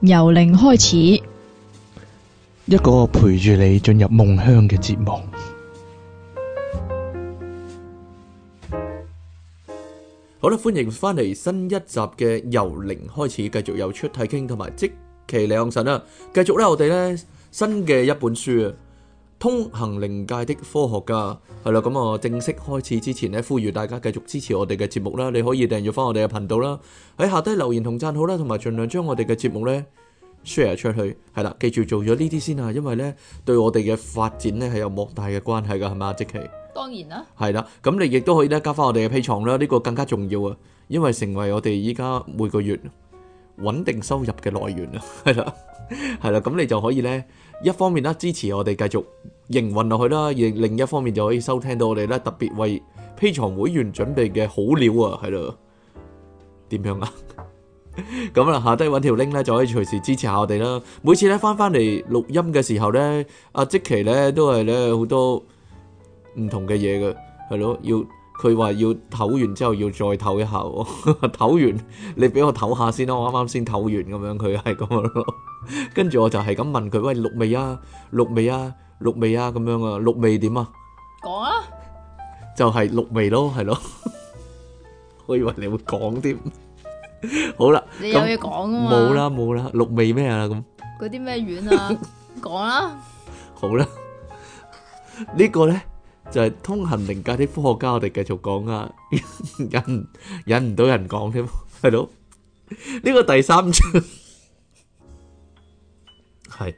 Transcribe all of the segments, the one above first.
由零開始，一個陪住你進入夢鄉嘅節目。好啦，歡迎翻嚟新一集嘅由零開始，繼續有出體傾同埋即期良神啊！繼續咧，我哋咧新嘅一本書啊！通行靈界的科學家係啦，咁啊正式開始之前咧，呼籲大家繼續支持我哋嘅節目啦。你可以訂閱翻我哋嘅頻道啦，喺下低留言同讚好啦，同埋盡量將我哋嘅節目咧 share 出去係啦。記住做咗呢啲先啊，因為咧對我哋嘅發展咧係有莫大嘅關係噶，係嘛？即其當然啦，係啦。咁你亦都可以咧加翻我哋嘅披牀啦，呢、呢個更加重要啊，因為成為我哋依家每個月穩定收入嘅來源啊，係啦，係啦。咁你就可以咧。一方面咧支持我哋繼續營運落去啦，而另一方面就可以收聽到我哋咧特別為 Patreon 會員準備嘅好料啊，係咯，點樣啊？咁啊，下低揾條 link 咧就可以隨時支持下我哋啦。每次咧翻翻嚟錄音嘅時候咧，阿積奇咧都係咧好多唔同嘅嘢嘅，係咯，要。佢話要唞完之後要再唞一下喎，唞 完你俾我唞下先啦，我啱啱先唞完咁樣，佢係咁樣咯。跟住我就係咁問佢：喂，綠味啊，綠味啊，綠味啊，咁樣啊，綠味點啊？講啦，就係綠味咯，係咯。 我以為你會講啲。 好啦了，你有嘢講噶嘛？冇啦冇啦，綠味咩啊咁？嗰啲咩丸啊？講啦。 好啦了， 個呢個咧。就係通行靈界啲科學家，我哋繼續講啊，忍忍唔到人講添，係咯？呢個第三章係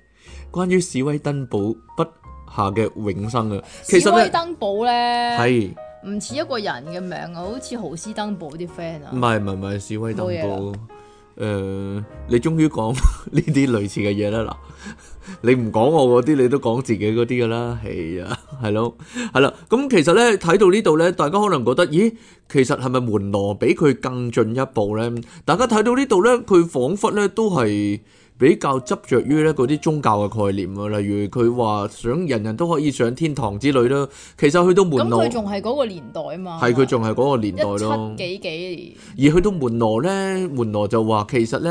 關於史威登堡筆下嘅永生啊。其實史威登堡咧，係唔似一個人嘅名啊，好似豪斯登堡啲 friend 啊。唔係唔係唔係，史威登堡。誒，你終於講呢啲類似嘅嘢啦嗱。你唔講我嗰啲，你都講自己嗰啲㗎啦。係啊，係咯，係啦。咁其實咧睇到呢度咧，大家可能覺得，咦，其實係咪門羅比佢更進一步咧？大家睇到呢度咧，佢彷彿咧都係比較執著於咧嗰啲宗教嘅概念啊，例如佢話想人人都可以上天堂之類啦。其實去到門羅，咁佢仲係嗰個年代啊嘛，係佢仲係嗰個年代咯，一七幾幾年。而去到門羅咧，門羅就話其實咧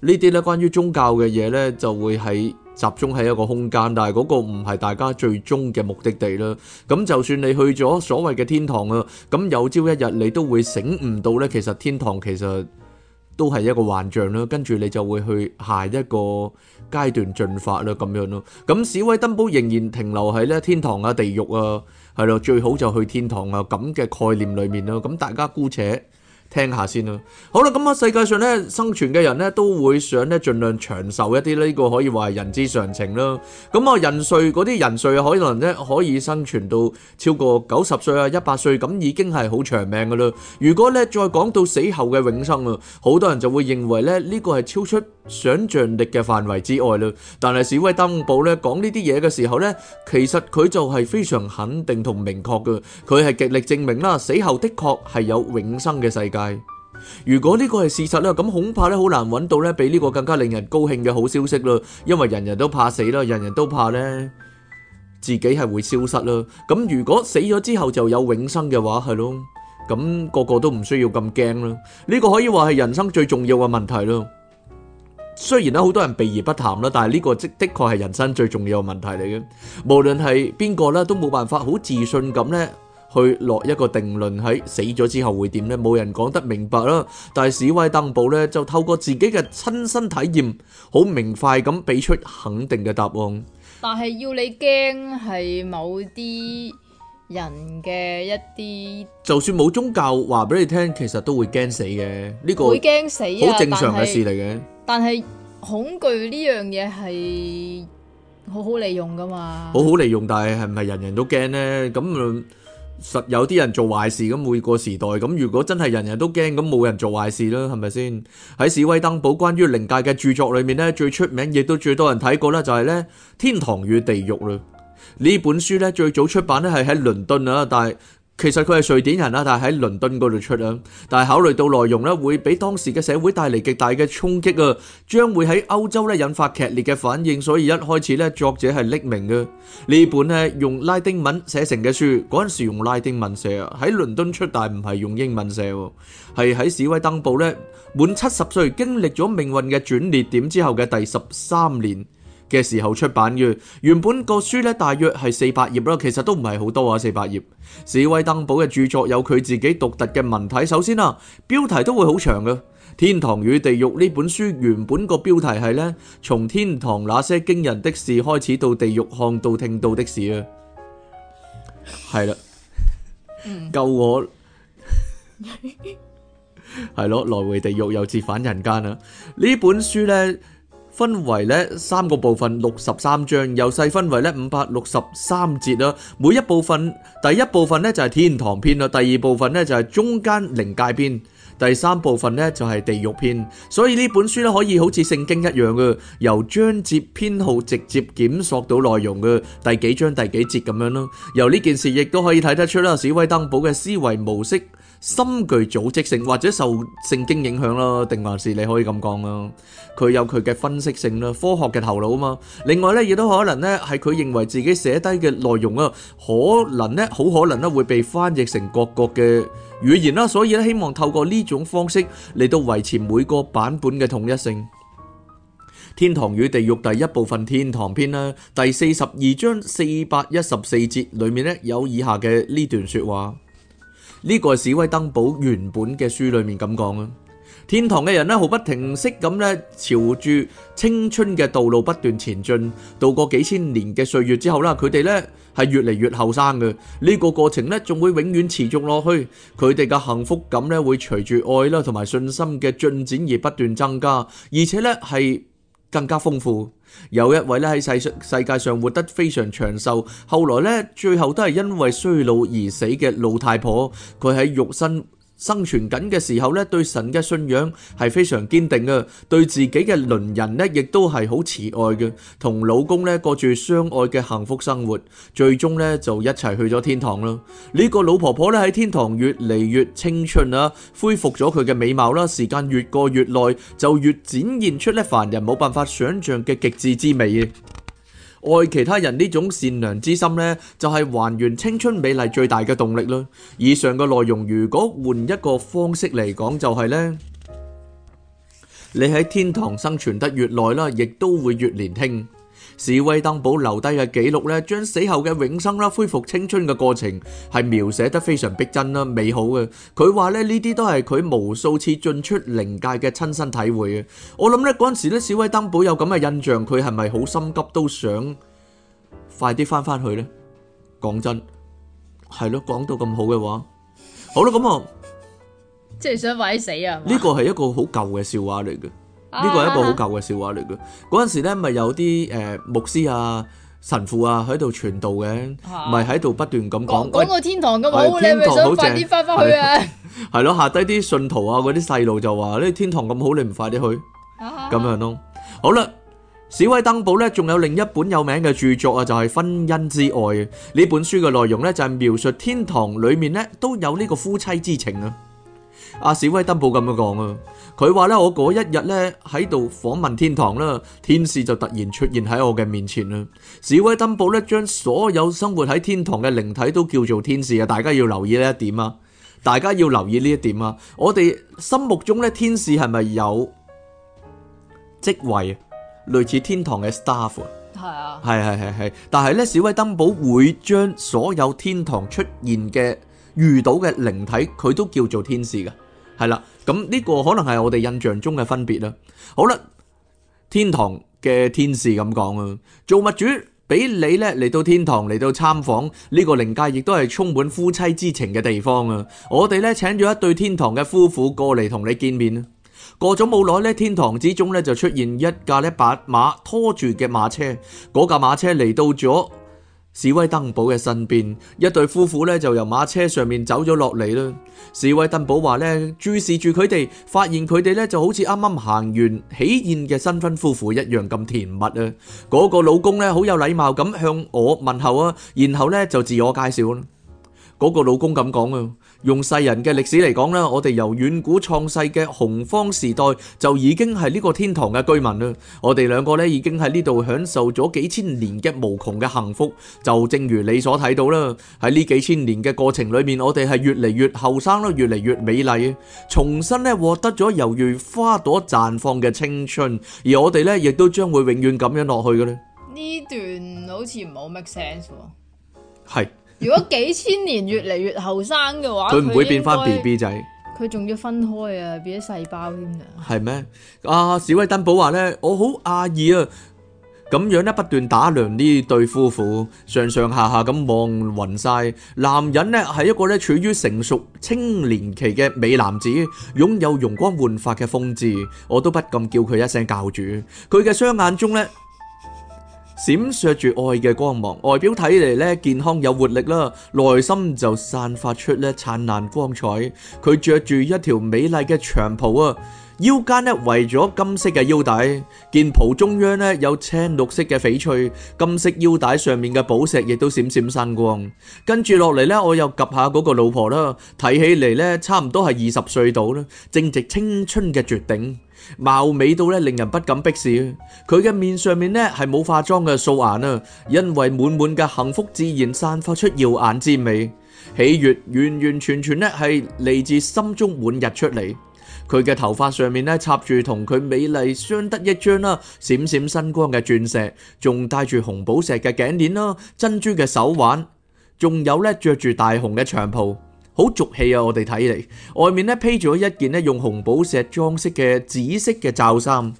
呢啲咧關於宗教嘅嘢咧就會喺集中喺一個空間，但係嗰個唔係大家最終嘅目的地啦。咁就算你去咗所謂嘅天堂啊，咁有朝一日你都會醒悟到咧，其實天堂其實都係一個幻象啦。跟住你就會去下一個階段進發啦，咁樣咯。咁史威登堡仍然停留喺咧天堂啊、地獄啊，係咯，最好就去天堂啊咁嘅概念裏面咯。咁大家姑且。聽下先啦。好啦，咁啊，世界上咧生存嘅人咧都會想咧盡量長壽一啲，呢個可以話係人之常情啦。咁啊，人瑞嗰啲人瑞啊，可能咧可以生存到超過九十歲啊、一百歲，咁已經係好長命噶啦。如果咧再講到死後嘅永生啊，好多人就會認為咧呢個係超出想象力嘅範圍之外啦。但係史威登堡咧講呢啲嘢嘅時候咧，其實佢就係非常肯定同明確噶，佢係極力證明啦死後的確係有永生嘅世界。如果呢個係事實咧，咁恐怕咧好難揾到咧比呢個更加令人高興嘅好消息咯。因為人人都怕死啦，人人都怕咧自己係會消失啦。咁如果死咗之後就有永生嘅話，係咯，咁個個都唔需要咁驚咯。呢個可以話係人生最重要嘅問題咯。雖然咧好多人避而不談啦，但係呢個即的確係人生最重要嘅問題嚟嘅。無論係邊個咧，都冇辦法好自信咁咧。去落一個定論，喺死咗之後會點呢？冇人講得明白啦。但係史威登堡呢就透過自己嘅親身體驗，好明快咁俾出肯定嘅答案。但係要你驚係某啲人嘅一啲，就算冇宗教話俾你聽，其實都會驚死嘅呢個。會驚死啊！好正常嘅事嚟嘅。但係恐懼呢樣嘢係好好利用㗎嘛？好好利用，但係係唔係人人都驚呢？咁啊？實有啲人做壞事咁，每個時代，咁如果真係人人都驚，咁冇人做壞事啦係咪先？喺史威登堡關於靈界嘅著作裏面呢，最出名亦都最多人睇過啦就係、是、呢「天堂與地獄」啦呢本書呢，最早出版咧係喺倫敦啊但係其實佢係瑞典人啦，但係喺倫敦嗰度出啊。但係考慮到內容咧，會俾當時嘅社會帶嚟極大嘅衝擊啊，將會喺歐洲咧引發劇烈嘅反應，所以一開始咧作者係匿名嘅。呢本咧用拉丁文寫成嘅書，嗰陣時用拉丁文寫啊，喺倫敦出，但唔係用英文寫，係喺史威登堡咧，滿七十歲經歷咗命運嘅轉捩點之後嘅第十三年。嘅時候出版嘅，原本個書呢，大約係四百頁啦，其實都唔係好多啊，四百頁。史威登堡嘅著作有佢自己獨特嘅文體，首先啊，標題都會好長嘅，《天堂與地獄》呢本書原本個標題係呢：「從天堂那些驚人的事開始，到地獄看到聽到的事啊，係啦， 救我，係咯， 來回地獄又折返人間啊，呢本書呢。分為咧三個部分，六十三章，又細分為咧五百六十三節啦。每一部分，第一部分咧就係天堂篇啦，第二部分咧就係中間靈界篇，第三部分咧就係地獄篇。所以呢本書咧可以好似聖經一樣嘅，由章節編號直接檢索到內容嘅第幾章第幾節咁樣咯。由呢件事亦都可以睇得出啦，史威登堡嘅思維模式。深具組織性，或者受聖經影響咯，定還是你可以咁講咯？佢有佢嘅分析性啦，科學嘅頭腦啊嘛。另外咧，亦都可能咧，係佢認為自己寫低嘅內容啊，可能咧，好可能咧，會被翻譯成各國嘅語言啦。所以咧，希望透過呢種方式嚟到維持每個版本嘅統一性。《天堂與地獄》第一部分《天堂篇》啦，第四十二章四百一十四節裡面咧有以下嘅呢段説話。呢個係史威登堡原本嘅書裡面咁講啊，天堂嘅人咧毫不停息咁咧朝住青春嘅道路不斷前進，度過幾千年嘅歲月之後啦，佢哋咧係越嚟越後生嘅，呢、呢個過程咧仲會永遠持續落去，佢哋嘅幸福感咧會隨住愛啦同埋信心嘅進展而不斷增加，而且咧係更加豐富。有一位呢喺世世界上活得非常長壽，後來呢，最後都係因為衰老而死嘅老太婆，佢喺肉身生存緊嘅時候咧，對神嘅信仰係非常堅定嘅，對自己嘅鄰人咧，亦都係好慈愛嘅，同老公咧過住相愛嘅幸福生活，最終咧就一齊去咗天堂啦。呢個老婆婆咧喺天堂越嚟越青春啊，恢復咗佢嘅美貌啦，時間越過越耐，就越展現出咧凡人冇辦法想象嘅極致之美嘅。愛其他人呢種善良之心呢，就係、是、還原青春美麗最大嘅動力咯。以上嘅內容如果換一個方式嚟講，就係、是、呢：你喺天堂生存得越耐啦，亦都會越年輕。史威登堡留低嘅記錄咧，將死後嘅永生啦、恢復青春嘅過程係描寫得非常逼真啦、美好嘅。佢話咧，呢啲都係佢無數次進出靈界嘅親身體會嘅。我諗咧，嗰陣時咧，史威登堡有咁嘅印象，佢係咪好心急都想快啲翻翻去咧？講真，係咯，講到咁好嘅話，好啦，咁啊，即係想快啲死啊？呢個係一個好舊嘅笑話嚟嘅。呢個係一個好舊嘅笑話嚟嘅，嗰陣、啊、時咧咪有啲誒、呃、牧師啊神父啊喺度傳道嘅，咪喺度不斷咁講，到喂，天堂咁好，你咪想快啲翻翻去啊？係咯， 下低啲信徒啊，嗰啲細路就話：呢天堂咁好，你唔快啲去？咁、啊啊、樣咯。好啦，史威登堡咧，仲有另一本有名嘅著作啊，就係、是《婚姻之愛》呢本書嘅內容咧，就係描述天堂裏面咧都有呢個夫妻之情啊。阿、啊、史威登堡咁樣講啊，佢話咧，我嗰一日咧喺度訪問天堂啦，天使就突然出現喺我嘅面前啦。史威登堡咧將所有生活喺天堂嘅靈體都叫做天使啊！大家要留意呢一點啊，大家要留意呢一點啊！我哋心目中咧，天使係咪有職位啊？類似天堂嘅 staff 係啊，係係係係，但係咧史威登堡會將所有天堂出現嘅遇到嘅靈體佢都叫做天使噶。係啦，咁呢、嗯這個可能係我哋印象中嘅分別啦。好啦，天堂嘅天使咁講啊，造物主俾你呢嚟到天堂嚟到參訪呢、這個靈界，亦都係充滿夫妻之情嘅地方啊。我哋呢請咗一對天堂嘅夫婦過嚟同你見面啊。過咗冇耐呢，天堂之中呢就出現一架呢白馬拖住嘅馬車，嗰架馬車嚟到咗，士威登堡嘅身邊，一對夫婦咧就由馬車上面走咗落嚟啦。士威登堡話咧注視住佢哋，發現佢哋咧就好似啱啱行完喜宴嘅新婚夫婦一樣咁甜蜜啊！嗰、那個老公咧好有禮貌咁向我問候啊，然後咧就自我介紹啦。嗰、那個老公咁講啊。用世人嘅歷史嚟講啦，我哋由遠古創世嘅洪荒時代就已經係呢個天堂嘅居民啦。我哋兩個咧已經喺呢度享受咗幾千年嘅無窮嘅幸福，就正如你所睇到啦。喺呢幾千年嘅過程裏面，我哋係越嚟越後生啦，越嚟越美麗，重新咧獲得咗猶如花朵綻放嘅青春，而我哋咧亦都將會永遠咁樣落去嘅咧。呢段好似唔係好 make sense 喎。係。 如果幾千年越嚟越後生嘅話，佢唔會變返 B B 仔，佢仲要分開 啊，變咗細胞添啊。係咩？阿小威登堡話呢，我好訝異啊，咁樣呢，不斷打量呢對夫婦，上上下下咁望暈晒。男人呢，係一個呢處於成熟青年期嘅美男子，擁有容光煥發嘅風姿，我都不禁叫佢一聲教主。佢嘅雙眼中呢。閃爍住愛嘅光芒，外表睇嚟健康有活力啦，內心就散發出咧燦爛光彩。佢着住一條美麗嘅長袍啊！腰間咧圍咗金色嘅腰帶，劍袍中央咧有青綠色嘅翡翠，金色腰帶上面嘅寶石亦都閃閃生光。跟住落嚟咧，我又及下嗰個老婆啦，睇起嚟咧差唔多係二十歲到啦，正值青春嘅絕頂，貌美到咧令人不敢逼視。佢嘅面上面咧係冇化妝嘅素顏啊，因為滿滿嘅幸福自然散發出耀眼之美，喜悅完完全全咧係嚟自心中滿溢出嚟。佢嘅頭髮上面咧插住同佢美麗相得益彰啦、閃閃生光嘅鑽石，仲戴住紅寶石嘅頸鏈啦、珍珠嘅手環，仲有呢着住大紅嘅長袍，好俗氣啊！我哋睇嚟，外面咧披住一件咧用紅寶石裝飾嘅紫色嘅罩衫，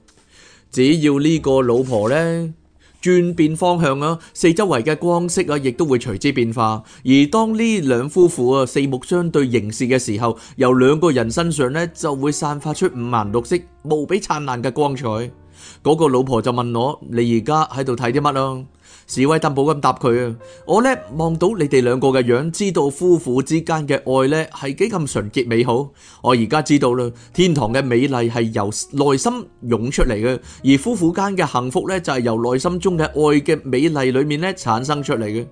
只要呢個老婆呢，轉變方向啦，四周圍嘅光色啊，亦都會隨之變化。而當呢兩夫婦啊四目相對凝視嘅時候，由兩個人身上咧就會散發出五顏六色、無比燦爛嘅光彩。嗰、那個老婆就問我：你而家喺度睇啲乜啊？史威登堡咁答佢啊！我咧望到你哋兩個嘅樣，知道夫婦之間嘅愛咧係幾咁純潔美好。我而家知道啦，天堂嘅美麗係由內心湧出嚟嘅，而夫婦間嘅幸福咧就係由內心中嘅愛嘅美麗裏面咧產生出嚟嘅。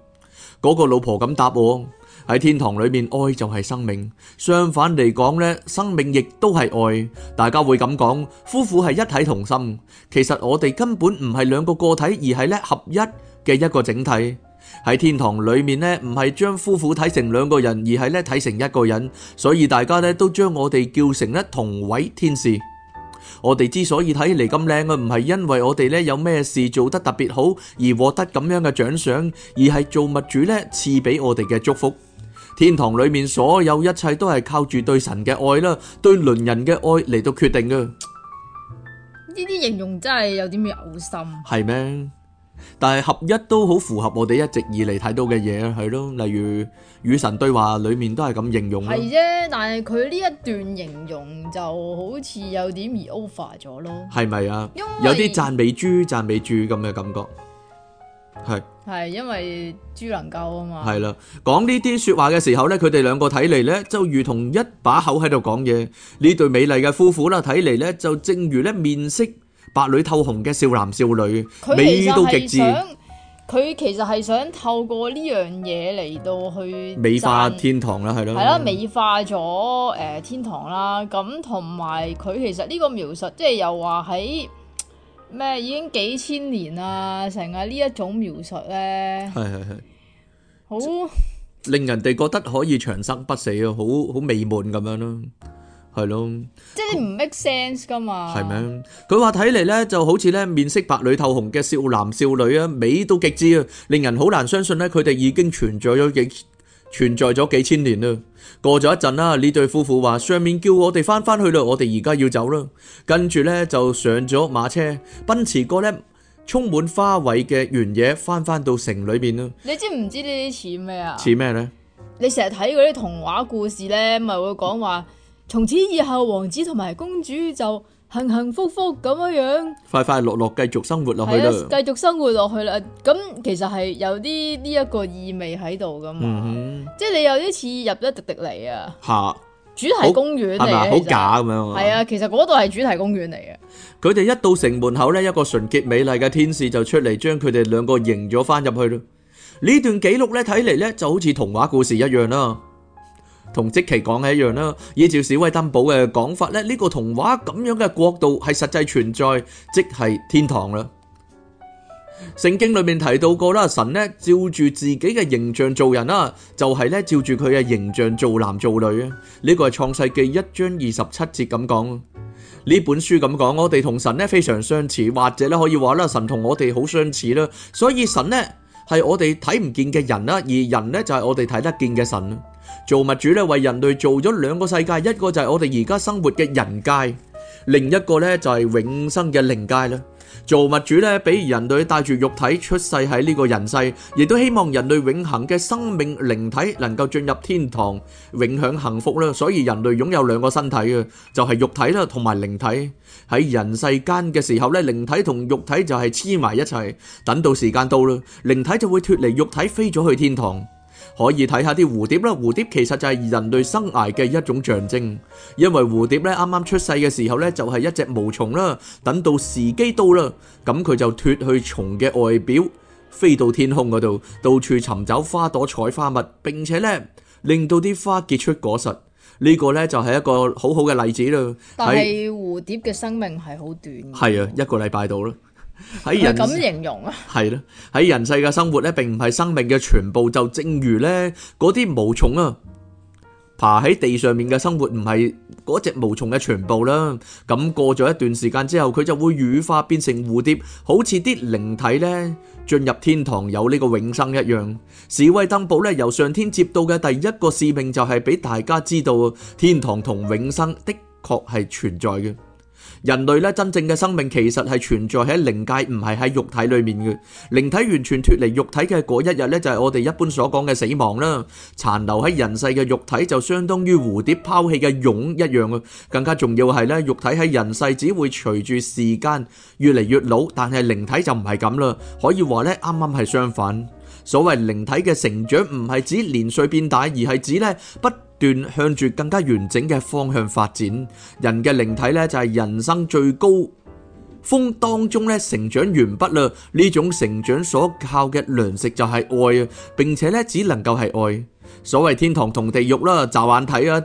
嗰個老婆咁答我：喺天堂裏面，愛就係生命；相反嚟講咧，生命亦都係愛。大家會咁講，夫婦係一體同心。其實我哋根本唔係兩個個體，而係咧合一。嘅一個整體喺天堂裏面咧，唔係將夫婦睇成兩個人，而係咧睇成一個人，所以大家咧都將我哋叫成一同位天使。我哋之所以睇起嚟咁靚，唔係因為我哋咧有咩事做得特別好而獲得咁樣嘅獎賞，而係造物主咧賜俾我哋嘅祝福。天堂裏面所有一切都係靠住對神嘅愛啦，對鄰人嘅愛嚟到決定嘅。呢啲形容真係有啲咩嘔心。係咩？但係合一都好符合我哋一直以嚟睇到嘅嘢，係咯。例如與神對話裏面都係咁形容。係啫，但係佢呢一段形容就好似有點而 over 咗咯。係咪啊？因為有啲讚美主讚美主咁嘅感覺。係係因為主能夠啊嘛。係啦，講呢啲說話嘅時候咧，佢哋兩個睇嚟咧，就如同一把口喺度講嘢。呢對美麗嘅夫婦啦，睇嚟咧就正如咧面色。白裏透紅嘅少男少女，美到極致。佢其實係想，佢其實係想，透過呢樣嘢嚟到去美化天堂啦，係咯。係啦的，嗯、美化咗誒、呃、天堂啦。咁同埋佢其實呢個描述，即係又話喺咩已經幾千年啦，成日呢一種描述咧，係係係，好很令人哋覺得可以長生不死咯，好好美滿咁樣咯。係咯，即係你唔 make sense 噶嘛？係咩？佢話睇嚟咧就好似咧面色白裏透紅嘅少男少女啊，美到極之啊，令人好難相信咧。佢哋已經存在咗幾存在咗幾千年啦。過咗一陣啦，呢對夫婦話上面叫我哋翻翻去啦，我哋而家要走啦。跟住咧就上咗馬車，奔馳過咧充滿花卉嘅原野，翻翻到城裏面啦。你知唔知呢啲似咩啊？似咩咧？你成日睇嗰啲童話故事咧，咪會講話？從此以後，王子同埋公主就幸幸福福咁樣樣，快快樂樂繼續生活落去啦。繼續生活落去啦。咁其實係有啲呢一個意味喺度噶嘛，即係你有啲似入咗迪士尼啊。吓，主題公園嚟係嘛？好假咁樣。係啊，其實嗰度係主題公園嚟嘅。佢哋一到城門口咧，一個純潔美麗嘅天使就出嚟，將佢哋兩個迎咗翻入去咯。呢段記錄咧，睇嚟咧就好似童話故事一樣啦。同即期講嘅一樣啦，依照史威登堡嘅講法咧，呢個童話咁樣嘅國度係實際存在，即係天堂啦。聖經裏面提到過啦，神呢照住自己嘅形象造人啦，就係咧照住佢嘅形象造男造女啊。呢個係創世記一章二十七節咁講。呢本書咁講，我哋同神呢非常相似，或者咧可以話啦，神同我哋好相似啦。所以神呢係我哋睇唔見嘅人啦，而人呢就係我哋睇得見嘅神。造物主咧為人類做咗兩個世界，一個就係我哋而家生活嘅人界，另一個咧就係永生嘅靈界啦。造物主咧俾人類帶住肉體出世喺呢個人世，亦都希望人類永恒嘅生命靈體能夠進入天堂，永享幸福啦。所以人類擁有兩個身體嘅，就係肉體啦同埋靈體。喺人世間嘅時候咧，靈體同肉體就係黐埋一齊，等到時間到啦，靈體就會脱離肉體飛咗去天堂。可以睇下啲蝴蝶啦，蝴蝶其實就係人類生涯嘅一種象徵，因為蝴蝶咧啱啱出世嘅時候咧就係一隻毛蟲啦，等到時機到啦，咁佢就脫去蟲嘅外表，飛到天空嗰度，到處尋找花朵採花蜜，並且咧令到啲花結出果實，呢個咧就係一個好好嘅例子啦。但係蝴蝶嘅生命係好短，係啊，一個禮拜到啦。喺人咁形容啊，係啦，喺人世嘅生活咧，並唔係生命嘅全部。就正如咧，嗰啲毛蟲啊，爬喺地上面嘅生活，唔係嗰隻毛蟲嘅全部啦，啊。咁過咗一段時間之後，佢就會羽化變成蝴蝶，好似啲靈體咧進入天堂有呢個永生一樣。史威登堡咧由上天接到嘅第一個使命，就係俾大家知道天堂同永生的確係存在嘅。人類咧，真正嘅生命其實係存在喺靈界，唔係喺肉體裏面嘅。靈體完全脫離肉體嘅嗰一日咧，就係我哋一般所講嘅死亡啦。殘留喺人世嘅肉體就相當於蝴蝶拋棄嘅蛹一樣啊！更加重要係咧，肉體喺人世只會隨住時間越嚟越老，但係靈體就唔係咁啦。可以話咧，啱啱係相反。所謂靈體嘅成長唔係指年歲變大，而係指咧不斷向住更加完整嘅方向發展，人嘅靈體咧就係人生最高峰當中咧成長完畢啦。呢種成長所靠嘅糧食就係愛啊，並且咧只能夠係愛。所謂天堂同地獄啦，就眼睇啊，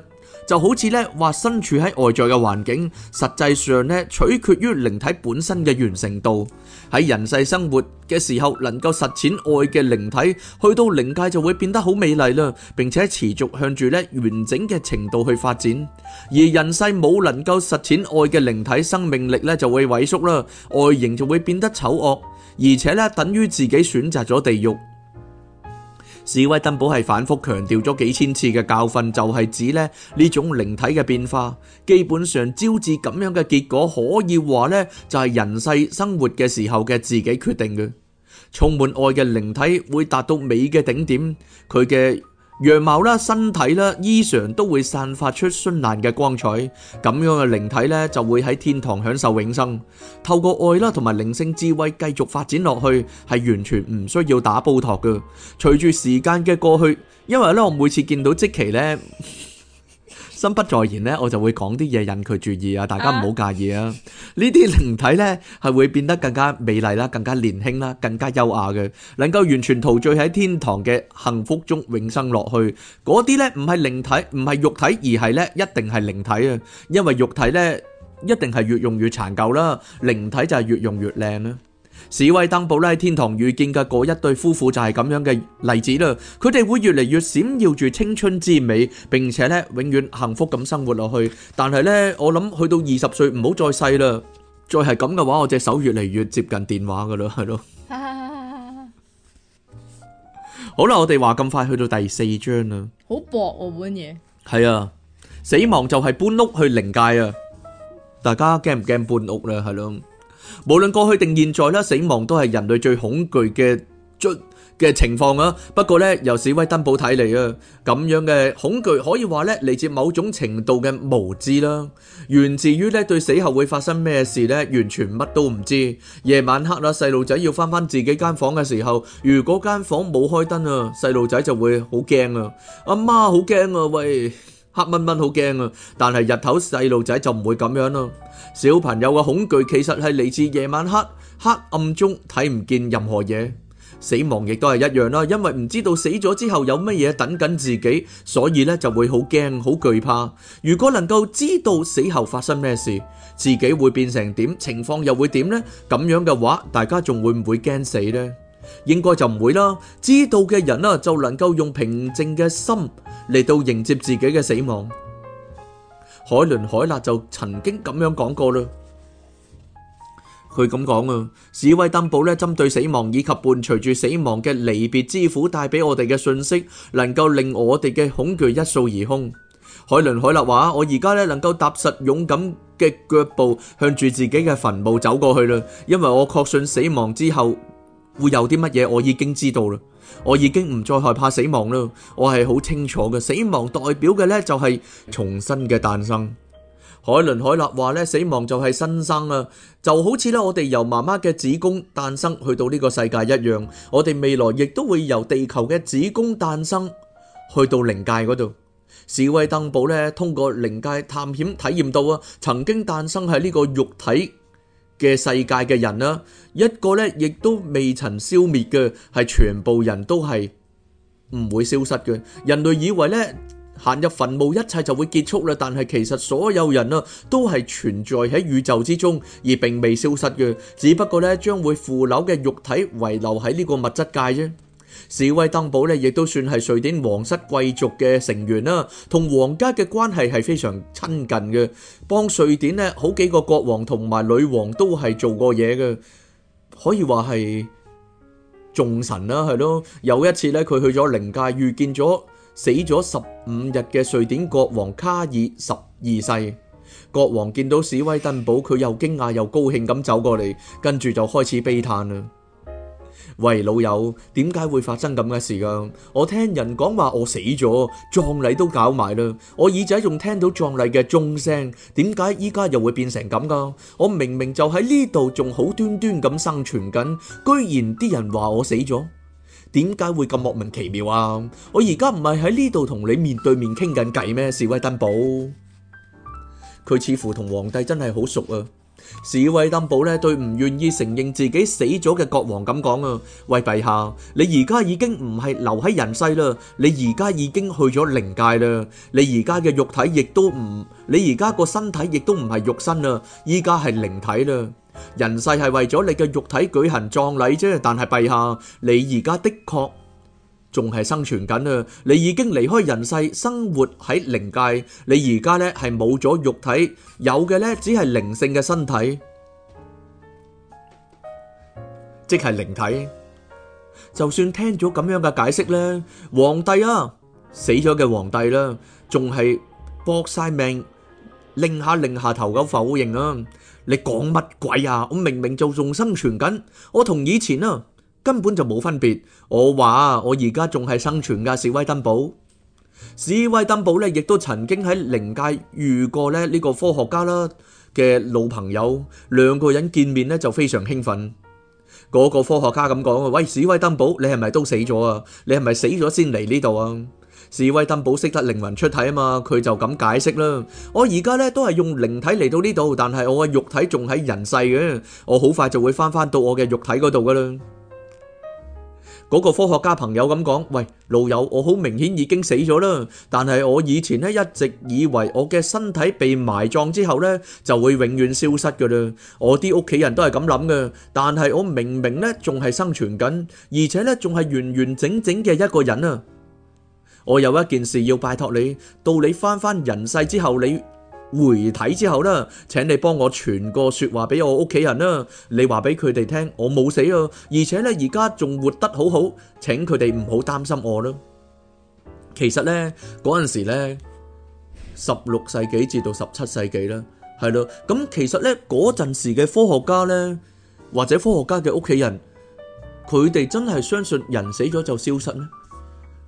就好似咧話身處喺外在嘅環境，實際上咧取決於靈體本身嘅完成度。喺人世生活嘅時候，能夠實踐愛嘅靈體，去到靈界就會變得好美麗啦，並且持續向住呢完整嘅程度去發展。而人世冇能夠實踐愛嘅靈體，生命力呢，就會萎縮啦，外形就會變得醜惡，而且呢，等於自己選擇咗地獄。示威登堡係反覆強調咗幾千次嘅教訓，就係、是、指咧呢種靈體嘅變化，基本上招致咁樣嘅結果，可以話咧就係、是、人世生活嘅時候嘅自己決定嘅。充滿愛嘅靈體會達到美嘅頂點，佢嘅。樣貌啦、身體啦、衣裳都會散發出絢爛嘅光彩，咁樣嘅靈體咧就會喺天堂享受永生，透過愛啦同埋靈性智慧繼續發展落去，係完全唔需要打抱托嘅。隨住時間嘅過去，因為咧我每次見到積奇咧。 心不在焉咧，我就會講啲嘢引佢注意啊！大家唔好介意啊！呢啲靈體咧係會變得更加美麗啦，更加年輕啦，更加優雅嘅，能夠完全陶醉喺天堂嘅幸福中永生落去。嗰啲咧唔係靈體，唔係肉體，而係咧一定係靈體啊！因為肉體咧一定係越用越殘舊啦，靈體就係越用越靚啦。史威登堡咧喺天堂遇見嘅嗰一對夫婦就係咁樣嘅例子啦，佢哋會越嚟越閃耀住青春之美，並且咧永遠幸福咁生活落去。但係咧，我諗去到二十歲唔好再細啦，再係咁嘅話，我隻手越嚟越接近電話噶啦，係咯。好啦，我哋話咁快去到第四章啦。好薄喎本嘢。係啊，死亡就係搬屋去靈界啊！大家驚唔驚搬屋咧？係咯。無論過去定現在咧，死亡都係人類最恐懼嘅、最嘅情況啊。不過呢，由《史威登堡》睇嚟啊，咁樣嘅恐懼可以話呢嚟自某種程度嘅無知啦，源自於呢對死後會發生咩事呢，完全乜都唔知。夜晚黑啦，細路仔要翻翻自己間房嘅時候，如果間房冇開燈啊，細路仔就會好驚啊！阿媽好驚啊！喂。黑蚊蚊好驚啊，但係日頭細路仔就唔會咁樣咯。小朋友嘅恐懼其實係嚟自夜晚黑，黑暗中睇唔見任何嘢，死亡亦都係一樣啦。因為唔知道死咗之後有乜嘢等緊自己，所以咧就會好驚好懼怕。如果能夠知道死後發生咩事，自己會變成點，情況又會點呢？咁樣嘅話，大家仲會唔會驚死呢？應該就唔會啦。知道嘅人啦，就能夠用平靜嘅心嚟到迎接自己嘅死亡。海倫海勒就曾經咁樣講過啦。佢咁講啊，史威登堡咧，針對死亡以及伴隨住死亡嘅離別之苦帶俾我哋嘅信息，能夠令我哋嘅恐懼一掃而空。海倫海勒話啊，我而家咧能夠踏實勇敢嘅腳步向住自己嘅墳墓走過去啦，因為我確信死亡之後。會有啲乜嘢？我已經知道啦，我已經唔再害怕死亡啦。我係好清楚嘅，死亡代表嘅咧就係重新嘅誕生。海倫海納話咧，死亡就係新生啊，就好似咧我哋由媽媽嘅子宮誕生去到呢個世界一樣，我哋未來亦都會由地球嘅子宮誕生去到靈界嗰度。史威登堡咧通過靈界探險體驗到啊，曾經誕生喺呢個肉體。嘅世界嘅人啦，一個咧亦都未曾消滅嘅，係全部人都係唔會消失嘅。人類以為咧，行入墳墓，一切就會結束啦，但係其實所有人啊都係存在喺宇宙之中，而並未消失嘅，只不過咧將會腐朽嘅肉體遺留喺呢個物質界啫。史威登堡咧，亦都算係瑞典皇室貴族嘅成員啦，同皇家嘅關係係非常親近嘅，幫瑞典呢，好幾個國王同埋女王都係做過嘢嘅，可以話係眾神啦，係咯。有一次咧，佢去咗靈界，遇見咗死咗十五日嘅瑞典國王卡爾十二世，國王見到史威登堡，佢又驚訝又高興咁走過嚟，跟住就開始悲嘆啦。喂，老友，點解會發生咁嘅事㗎？我聽人講話我死咗，葬禮都搞埋啦。我耳仔仲聽到葬禮嘅鐘聲，點解依家又會變成咁㗎？我明明就喺呢度，仲好端端咁生存緊，居然啲人話我死咗，點解會咁莫名其妙啊？我而家唔係喺呢度同你面對面傾緊偈咩？史威登堡，佢似乎同皇帝真係好熟啊！史威登堡呢對唔願意承認自己死咗嘅國王咁講啊！喂，陛下，你而家已經唔係留喺人世啦，你而家已經去咗靈界啦，你而家嘅肉體亦都唔，你而家個身體亦都唔係肉身啦，依家係靈體啦。人世係為咗你嘅肉體舉行葬禮啫，但係陛下，你而家的確。仲係生存緊啊！你已經離開人世，生活喺靈界。你而家咧係冇咗肉體，有嘅咧只係靈性嘅身體，即係靈體。就算聽咗咁樣嘅解釋咧，皇帝啊，死咗嘅皇帝啦，仲係搏晒命，擰下擰下頭咁否認啊！你講乜鬼啊？我明明就仲生存緊，我同以前啊！根本就冇分別。我話我而家仲係生存㗎。史威登堡，史威登堡咧，亦都曾經喺靈界遇過咧呢個科學家啦嘅老朋友，兩個人見面咧就非常興奮。嗰個科學家咁講啊，喂，史威登堡，你係咪都死咗啊？你係咪死咗先嚟呢度啊？史威登堡識得靈魂出體啊嘛，佢就咁解釋啦。我而家咧都係用靈體嚟到呢度，但係我嘅肉體仲喺人世嘅，我好快就會翻翻到我嘅肉體嗰度噶啦。嗰個科學家朋友咁講：「喂，老友，我好明顯已經死咗啦，但係我以前咧一直以為我嘅身體被埋葬之後咧就會永遠消失噶啦，我啲屋企人都係咁諗噶，但係我明明咧仲係生存緊，而且咧仲係完完整整嘅一個人啊！我有一件事要拜託你，到你返返人世之後你，回體之後咧，請你幫我傳個説話俾我屋企人啦。你話俾佢哋聽，我冇死啊，而且咧而家仲活得好好。請佢哋唔好擔心我啦。其實呢，嗰陣時咧，十六世紀至到十七世紀啦，係咯。咁其實呢，嗰陣時嘅科學家呢，或者科學家嘅屋企人，佢哋真係相信人死咗就消失呢？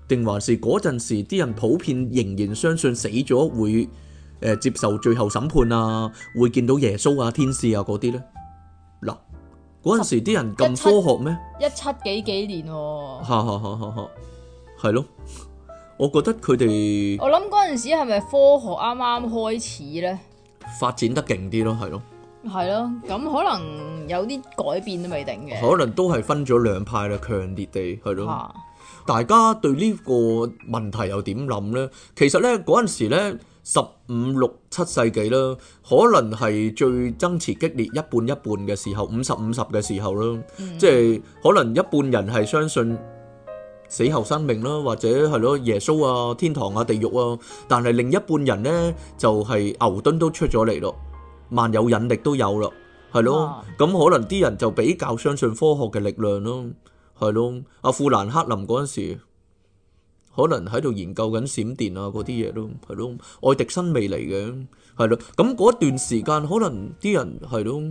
定還是嗰陣時啲人普遍仍然相信死咗會誒，接受最後審判啊，會見到耶穌啊、天使啊嗰啲咧。嗱，嗰陣時啲人咁科學咩？一七幾幾年喎？嚇嚇，係咯。我覺得佢哋我諗嗰陣時係咪科學啱啱開始咧？發展得勁啲咯，係咯。係咯，咁可能有啲改變都未定嘅。可能都係分咗兩派啦，強烈地係咯。啊，大家對呢個問題又點諗咧？其實咧，嗰陣時咧。十五六七世紀啦，可能係最爭持激烈一半一半嘅時候，五十五十嘅時候啦，即係可能一半人係相信死後生命啦，或者係咯耶穌啊、天堂啊、地獄啊，但係另一半人呢就係牛頓都出咗嚟咯，萬有引力都有咯，係咯，咁可能啲人就比較相信科學嘅力量咯，係咯，阿富蘭克林嗰陣時。可能喺度研究緊閃電啊，嗰啲嘢都係咯。愛迪生未嚟嘅，係咯。咁嗰段時間，可能啲人係咯，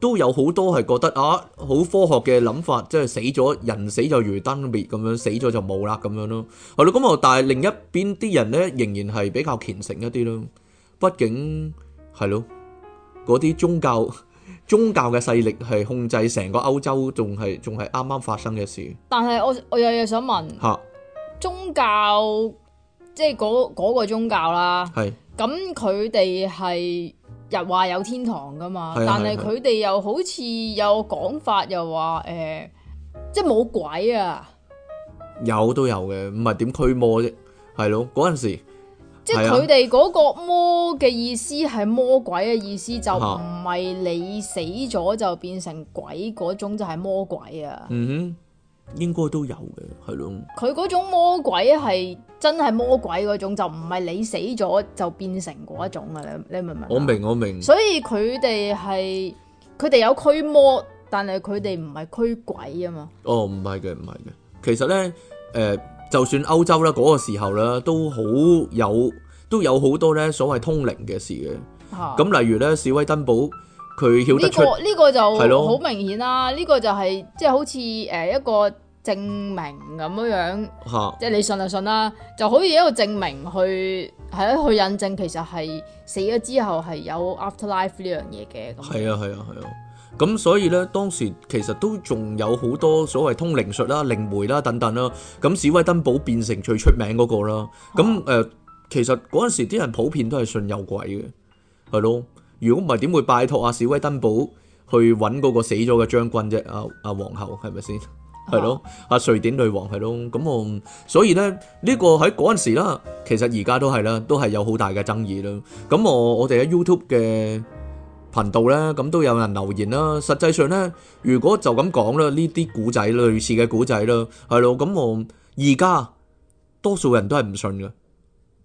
都有好多係覺得啊，好科學嘅諗法，即係死咗人死就如燈滅咁樣，死咗就冇啦咁樣咯。係咯，咁啊，但係另一邊啲人咧，仍然係比較虔誠一啲咯。畢竟係咯，嗰啲宗教宗教嘅勢力係控制成個歐洲，仲係仲係啱啱發生嘅事。但係我我有嘢想問吓。宗教即係嗰嗰個宗教啦，咁佢哋係又話有天堂噶嘛，的但係佢哋又好似有講法又，又話誒，即係冇鬼啊，有都有嘅，唔係點驅魔啫。係咯嗰陣時，即係佢哋嗰個魔嘅意思係魔鬼嘅意思，的就唔係你死咗就變成鬼嗰種，就係魔鬼啊。嗯哼應該都有嘅，係咯。佢嗰種魔鬼係真係魔鬼嗰種，就唔係你死咗就變成嗰一種啊！你你明唔明？我明我明。所以佢哋係佢哋有驅魔，但係佢哋唔係驅鬼啊嘛。哦，唔係嘅，唔係嘅。其實咧，誒、呃，就算歐洲啦，嗰個時候啦，都好有都有好多咧所謂通靈嘅事嘅。咁、啊、例如咧，史威登堡。佢曉得出，係咯、這個,好明顯啦。呢個就係即係好似誒一個證明咁樣樣，即係的你信就信啦、啊，就好似一個證明去係去印證其實係死咗之後係有 afterlife 呢樣嘢嘅。係啊係啊係啊，咁所以咧當時其實都仲有好多所謂通靈術啦、靈媒啦等等啦。咁史威登堡變成最出名嗰、那個啦。咁誒的、呃，其實嗰陣時啲人普遍都係信有鬼嘅，係咯。如果唔係點會拜託阿史威登堡去揾嗰個死咗嘅將軍啫？阿阿皇后係咪先？係咯，阿瑞典女王係咯。咁我所以咧，呢個喺嗰陣時啦，其實而家都係啦，都係有好大嘅爭議啦。咁我我哋喺 YouTube 嘅頻道咧，咁都有人留言啦。實際上咧，如果就咁講咧，呢啲古仔類似嘅古仔啦，係咯。咁我而家多數人都係唔信嘅。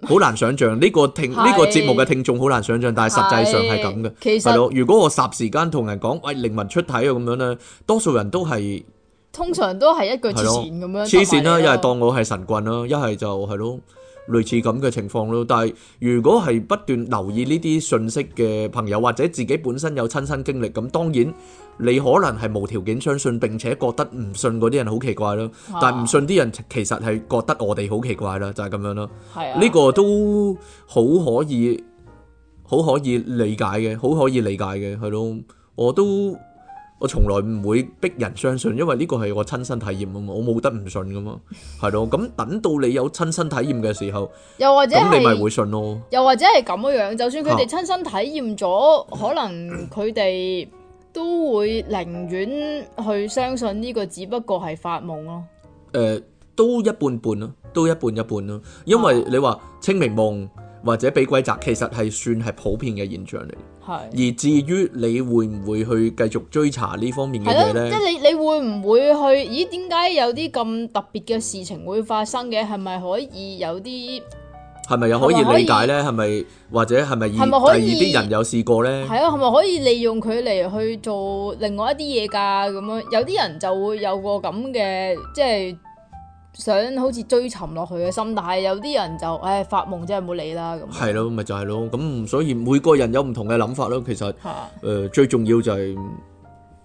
好難想象，呢個聽呢個節目嘅聽眾好難想象，但係實際上係咁嘅，係咯。如果我霎時間同人講，喂，靈魂出體啊咁樣咧，多數人都係通常都係一句黐線咁樣，黐線啦，一係當我係神棍啦，一係就係咯，類似咁嘅情況咯。但係如果係不斷留意呢啲信息嘅朋友，或者自己本身有親身經歷咁，當然。你可能係無條件相信並且覺得唔信嗰啲人好奇怪咯，啊、但係唔信啲人其實係覺得我哋好奇怪啦，就係、是、咁樣咯。係啊，呢個都好可以，好可以理解嘅，好可以理解嘅係咯。我都我從來唔會逼人相信，因為呢個係我親身體驗啊嘛，我冇得唔信噶嘛。係咯，咁等到你有親身體驗嘅時候，又或者咁你咪會信咯。又或者係咁樣，就算佢哋親身體驗咗，啊、可能佢哋。都會寧願去相信呢個只不過係發夢咯、啊。誒、呃，都一半半咯，都一半一半咯。因為你話清明夢或者畀鬼責，其實係算係普遍嘅現象嚟。係是而至於你會唔會去繼續追查呢方面嘅嘢咧？呢即係你你會唔會去？咦，點解有啲咁特別嘅事情會發生嘅？係咪可以有啲？係咪又可以理解咧？係咪或者係咪第二啲人有試過咧？係啊，係咪可以利用佢嚟去做另外一啲嘢噶？咁啊，有啲人就會有個咁嘅，即係想好似追尋落去嘅心態，但係有啲人就唉發夢，真係冇理啦。咁係咯，咪就係咯。咁所以每個人有唔同嘅諗法咯。其實誒最重要就係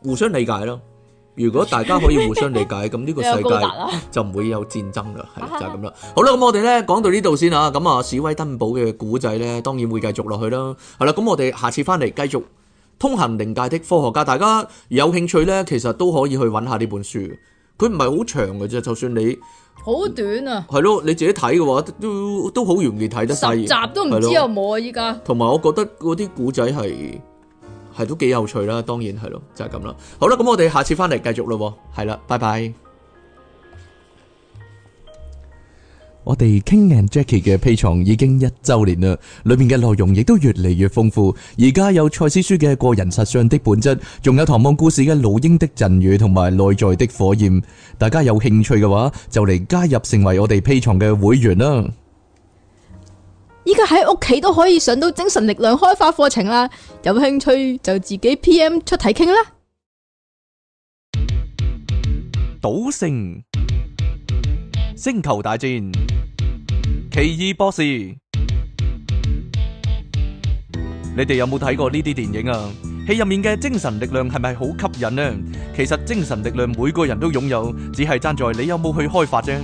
互相理解咯。如果大家可以互相理解，咁呢 個世界就唔會有戰爭啦，係 就係咁啦。好啦，咁我哋咧講到呢度先啊。咁啊，史威登堡嘅古仔咧，當然會繼續落去啦。係啦，咁我哋下次翻嚟繼續通行靈界的科學家。大家有興趣咧，其實都可以去揾下呢本書。佢唔係好長嘅啫，就算你好短啊。係咯，你自己睇嘅話，都都好容易睇得晒。十集都唔知有冇啊依家。同埋的在我覺得嗰啲古仔係。係都幾有趣啦，當然係咯，就係咁啦。好啦，咁我哋下次翻嚟繼續咯。係啦，拜拜。我哋 King and Jackie 嘅 Patreon 已經一周年啦，裏面嘅內容亦都越嚟越豐富。而家有賽斯書嘅個人實相的本質，仲有唐望故事嘅老鷹的贈語同埋內在的火焰。大家有興趣嘅話，就嚟加入成為我哋 Patreon 嘅會員啦。依家喺屋企都可以上到精神力量開發課程啦，有興趣就自己 P. M. 出題傾啦。賭聖、星球大戰、奇異博士，你哋有冇睇過呢啲電影啊？戲入面嘅精神力量係咪好吸引呢、啊？其實精神力量每個人都擁有，只係爭在你有冇去開發啫。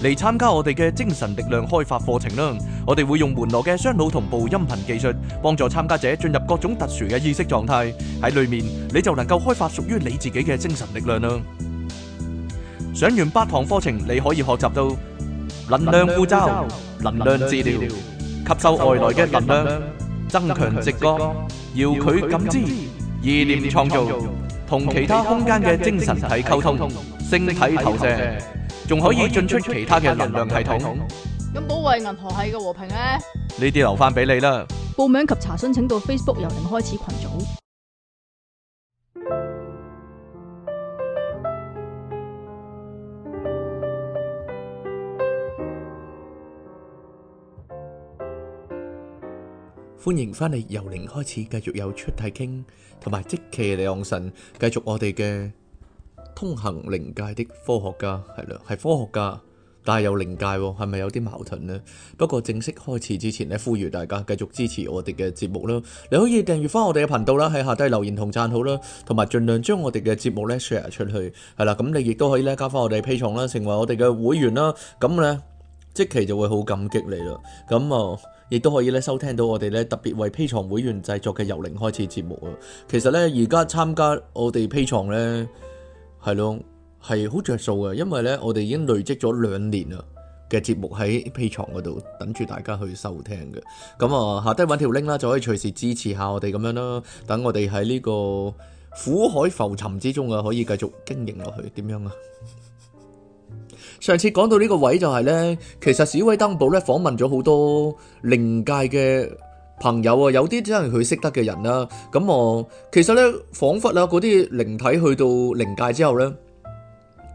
嚟參加我哋嘅精神力量開發課程啦！我哋會用門羅嘅雙腦同步音頻技術，幫助參加者進入各種特殊嘅意識狀態。喺裏面你就能夠開發屬於你自己嘅精神力量啦！上完八堂課程，你可以學習到能量呼召、能量治療、吸收外來嘅能量、增強直覺、遙距感知、意念創造、同其他空間嘅精神體溝通、星體投射。仲可以進出其他嘅能量系統。咁保衛銀河系嘅和平咧？呢啲留翻俾你啦。報名及查詢請到 Facebook 由零開始群組。歡迎翻嚟由零開始，繼續有出體傾，同埋即期嚟望神，繼續我哋嘅。通行靈界的科學家係啦，係科學家，但係有靈界，哦，係咪有啲矛盾呢？不過正式開始之前咧，呼籲大家繼續支持我哋嘅節目啦。你可以訂閱翻我哋嘅頻道啦，喺下低留言同贊好啦，同埋盡量將我哋嘅節目咧 share 出去，係啦。咁你亦都可以咧加翻我哋 Patreon 啦，成為我哋嘅會員啦。咁咧即期就會好感激你啦。咁啊，亦、呃、都可以咧收聽到我哋咧特別為 Patreon 會員製作嘅由零開始節目啊。其實咧，而家參加我哋 Patreon 咧。係咯，係好着數嘅，因為咧，我哋已經累積咗兩年啦嘅節目喺 P 床嗰度等住大家去收聽嘅。咁啊，下低搵條 link 啦，就可以隨時支持下我哋咁樣啦，等我哋喺呢個苦海浮沉之中啊，可以繼續經營落去，點樣啊？ 上次講到呢個位就係咧，其實小威登堡咧訪問咗好多靈界嘅。朋友啊，有啲真係佢識得嘅人啦。咁我其實呢，彷彿啊，嗰啲靈體去到靈界之後呢，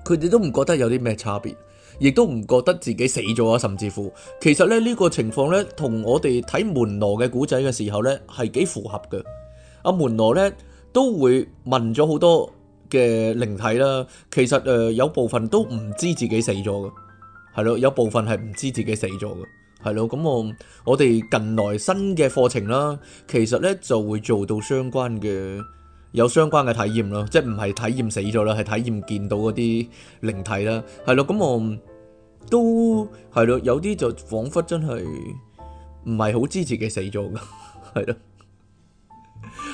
佢哋都唔覺得有啲咩差別，亦都唔覺得自己死咗啊。甚至乎，其實呢呢個情況呢，同我哋睇門羅嘅古仔嘅時候呢，係幾符合嘅。阿門羅呢，都會問咗好多嘅靈體啦。其實誒，有部分都唔知自己死咗嘅，係咯，有部分係唔知自己死咗嘅。係咯，咁我我哋近來新嘅課程啦，其實呢就會做到相關嘅，有相關嘅體驗咯，即係唔係體驗死咗啦，係體驗見到嗰啲靈體啦，係咯，咁我都係咯，有啲就彷彿真係唔係好支持嘅死咗嘅，係咯。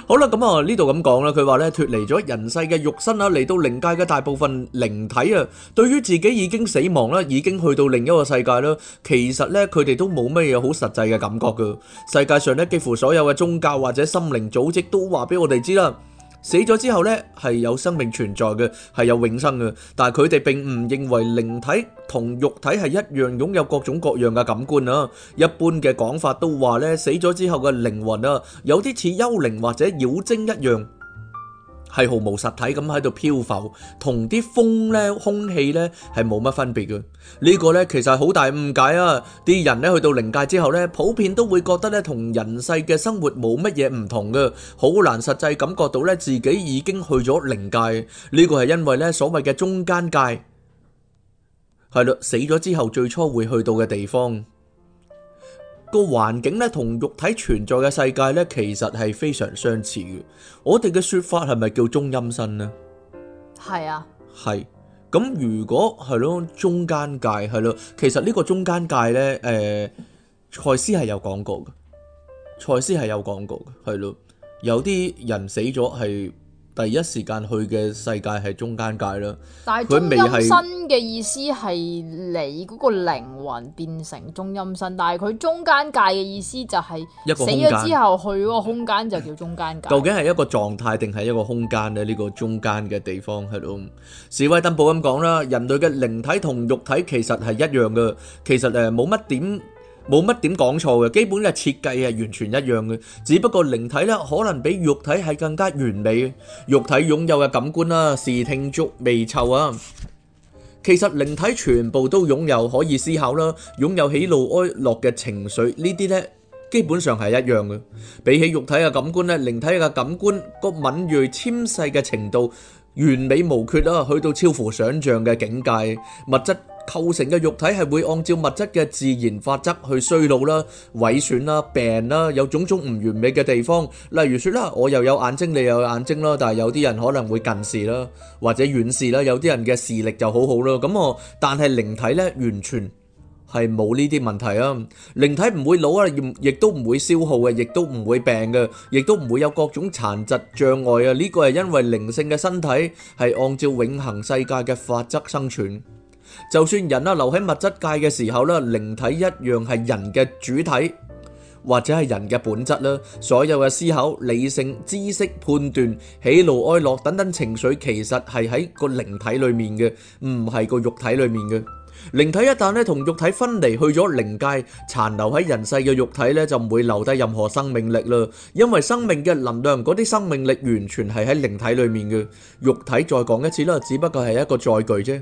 好啦，咁啊呢度咁講啦，佢話咧脫離咗人世嘅肉身啦，嚟到靈界嘅大部分靈體啊，對於自己已經死亡啦，已經去到另一個世界啦，其實咧佢哋都冇咩嘢好實際嘅感覺噶。世界上咧幾乎所有嘅宗教或者心靈組織都話俾我哋知啦。死咗之後呢，係有生命存在嘅，係有永生嘅。但係佢哋並唔認為靈體同肉體係一樣擁有各種各樣嘅感官啊。一般嘅講法都話呢，死咗之後嘅靈魂啊，有啲似幽靈或者妖精一樣。係毫無實體咁喺度漂浮，同啲風呢、空氣呢係冇乜分別嘅。呢個呢，其實係好大誤解啊！啲人呢，去到靈界之後呢，普遍都會覺得呢，同人世嘅生活冇乜嘢唔同嘅，好難實際感覺到呢，自己已經去咗靈界。呢個係因為呢，所謂嘅中間界，係咯，死咗之後最初會去到嘅地方。個環境咧，同肉體存在嘅世界咧，其實係非常相似嘅。我哋嘅說法係咪叫中陰身呢？係啊，係。咁如果係咯，中間界係咯，其實呢個中間界咧，誒、呃，賽斯係有講過嘅，賽斯係有講過嘅，係咯，有啲人死咗係。第一時間去嘅世界係中間界啦，但係中陰身嘅意思係你嗰個靈魂變成中陰身，但係佢中間界嘅意思就係死咗之後去嗰個空間，空間就叫中間界。究竟係一個狀態定係一個空間咧？呢個中間嘅地方係咯。史威登堡咁講啦，人類嘅靈體同肉體其實係一樣嘅，其實誒冇乜點。冇乜點講錯嘅，基本嘅設計係完全一樣嘅，只不過靈體咧可能比肉體係更加完美嘅。肉體擁有嘅感官啦，視聽觸味嗅啊，其實靈體全部都擁有，可以思考啦，擁有喜怒哀樂嘅情緒，呢啲咧基本上係一樣嘅。比起肉體嘅感官咧，靈體嘅感官個敏銳纖細嘅程度完美無缺啊，去到超乎想象嘅境界，物質。構成嘅肉體係會按照物質嘅自然法則去衰老啦、毀損啦、病啦，有種種唔完美嘅地方。例如説啦，我又有眼睛，你又有眼睛啦，但係有啲人可能會近視啦，或者遠視啦，有啲人嘅視力就好好啦。咁我但係靈體呢，完全係冇呢啲問題啊。靈體唔會老啊，亦亦都唔會消耗啊，亦都唔會病嘅，亦都唔會有各種殘疾障礙啊。呢個係因為靈性嘅身體係按照永恆世界嘅法則生存。就算人啊留喺物質界嘅時候咧，靈體一樣係人嘅主體，或者係人嘅本質啦。所有嘅思考、理性、知識、判斷、喜怒哀樂等等情緒，其實係喺個靈體裏面嘅，唔係個肉體裏面嘅。靈體一旦咧同肉體分離去咗靈界，殘留喺人世嘅肉體咧就唔會留低任何生命力啦，因為生命嘅能量嗰啲生命力完全係喺靈體裏面嘅，肉體再講一次啦，只不過係一個載具啫。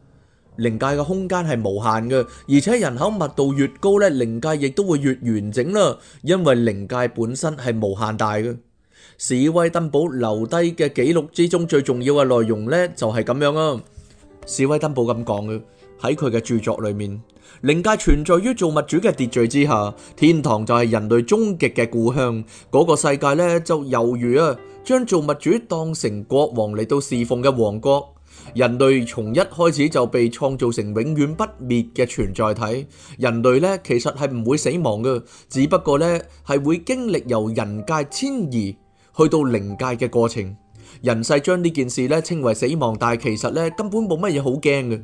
靈界嘅空間係無限嘅，而且人口密度越高咧，靈界亦都會越完整啦。因為靈界本身係無限大嘅。史威登堡留低嘅記錄之中最重要嘅內容咧，就係咁樣啊。史威登堡咁講嘅喺佢嘅著作裏面，靈界存在於造物主嘅秩序之下，天堂就係人類終極嘅故鄉。嗰個世界咧就猶如啊，將造物主當成國王嚟到侍奉嘅王國。人類從一開始就被創造成永遠不滅嘅存在體。人類呢，其實係唔會死亡嘅，只不過呢係會經歷由人界遷移去到靈界嘅過程。人世將呢件事呢稱為死亡，但係其實呢根本冇乜嘢好驚嘅，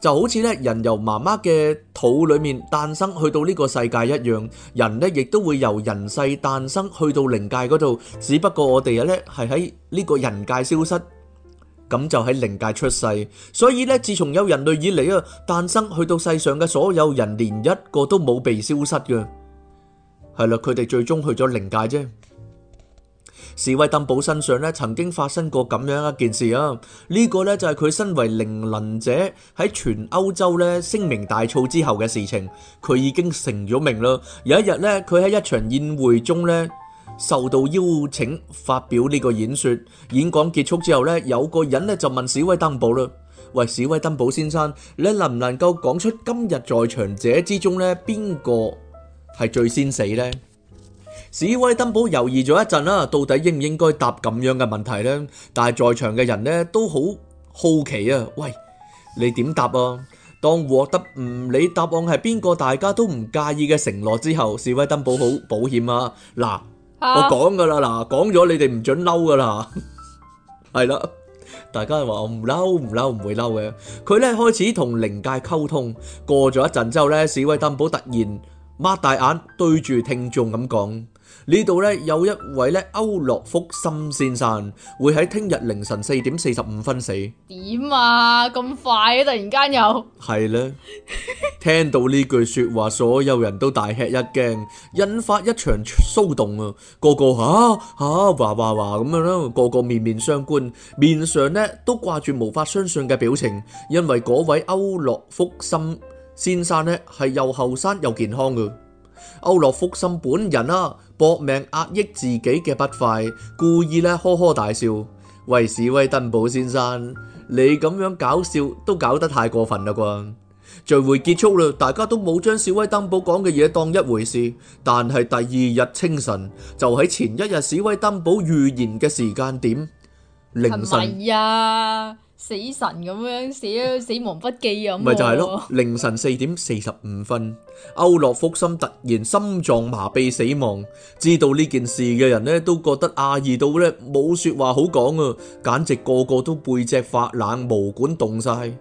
就好似呢，人由媽媽嘅肚裏面誕生去到呢個世界一樣，人呢亦都會由人世誕生去到靈界嗰度，只不過我哋呢係喺呢個人界消失，咁就喺靈界出世，所以咧，自從有人類以嚟啊，誕生去到世上嘅所有人，連一個都冇被消失嘅，係啦，佢哋最終去咗靈界啫。士威登堡身上咧，曾經發生過咁樣一件事啊，呢個咧就係佢身為靈能者喺全歐洲咧聲名大噪之後嘅事情，佢已經成咗名啦。有一日咧，佢喺一場宴會中咧。受到邀請發表呢個演說，演講結束之後咧，有個人咧就問史威登堡啦：喂，史威登堡先生，你能唔能夠講出今日在場者之中咧，邊個係最先死咧？史威登堡猶豫咗一陣啦，到底應唔應該答咁樣嘅問題咧？但係在場嘅人咧都好好奇啊！喂，你點答啊？當獲得唔理答案係邊個，大家都唔介意嘅承諾之後，史威登堡好保險啊！嗱。我講噶啦，嗱，講咗你哋唔准嬲噶啦，係啦，大家話我唔嬲，唔嬲，唔會嬲嘅。佢咧開始同靈界溝通，過咗一陣之後咧，史威登堡突然擘大眼對住聽眾咁講。呢度咧有一位咧歐樂福森先生會喺聽日凌晨四點四十五分死。點啊咁快啊！突然間又係啦， 聽到呢句說話，所有人都大吃一驚，引發一場騷動啊！個個吓吓話話話咁樣啦，個個面面相覷，面上咧都掛住無法相信嘅表情，因為嗰位歐樂福森先生咧係又後生又健康嘅。歐洛福森本人啊，搏命壓抑自己嘅不快，故意咧呵呵大笑。喂，史威登堡先生，你咁樣搞笑都搞得太過分啦啩！聚會結束啦，大家都冇將史威登堡講嘅嘢當一回事。但係第二日清晨，就喺前一日史威登堡預言嘅時間點，凌晨。是死神咁樣死啊！死亡筆記咁，咪就係咯。凌晨四點四十五分，歐洛福森突然心臟麻痹死亡。知道呢件事嘅人咧，都覺得阿二到咧冇說話好講啊，簡直個個都背脊發冷、毛管凍晒。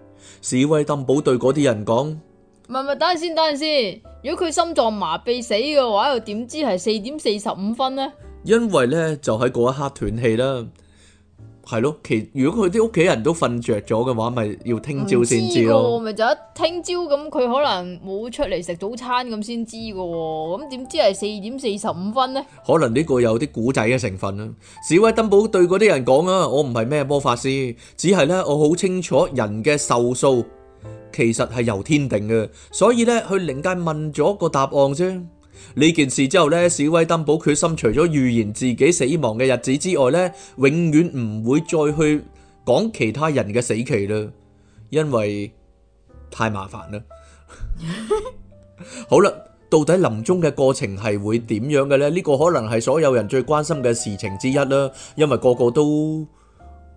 史威登堡對嗰啲人講，唔係唔係，等陣先，等陣先。如果佢心臟麻痹死嘅話，又點知係四點四十五分呢？因為咧，就喺嗰一刻斷氣啦。係咯，其如果佢啲屋企人都瞓着咗嘅話，咪要聽朝先知咯。咪就一聽朝咁，佢可能冇出嚟食早餐咁先知噶喎。咁點知係四點四十五分呢？可能呢個有啲古仔嘅成分啦。史威登堡對嗰啲人講啊，我唔係咩魔法師，只係咧我好清楚人嘅壽數其實係由天定嘅，所以咧去靈界問咗個答案先。呢件事之後呢，史威登堡決心除咗預言自己死亡嘅日子之外呢，永遠唔會再去講其他人嘅死期啦，因為太麻煩啦。好啦，到底臨終嘅過程係會點樣嘅呢？呢個可能係所有人最關心嘅事情之一啦，因為個個都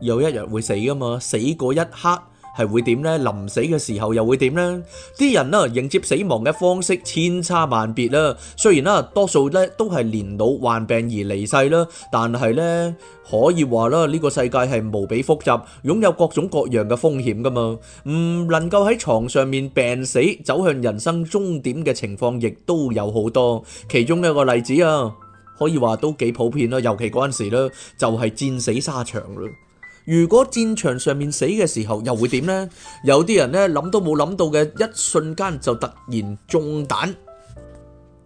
有一日會死㗎嘛，死嗰一刻，係會點呢？臨死嘅時候又會點呢？啲人咧，迎接死亡嘅方式千差萬別啦。雖然啦，多數咧都係年老患病而離世啦，但係呢，可以話啦，呢個世界係無比複雜，擁有各種各樣嘅風險噶嘛。唔能夠喺床上面病死，走向人生終點嘅情況亦都有好多。其中一個例子啊，可以話都幾普遍咯。尤其嗰陣時咧，就係戰死沙場啦。如果戰場上面死嘅時候又會點呢？有啲人呢，諗都冇諗到嘅，一瞬間就突然中彈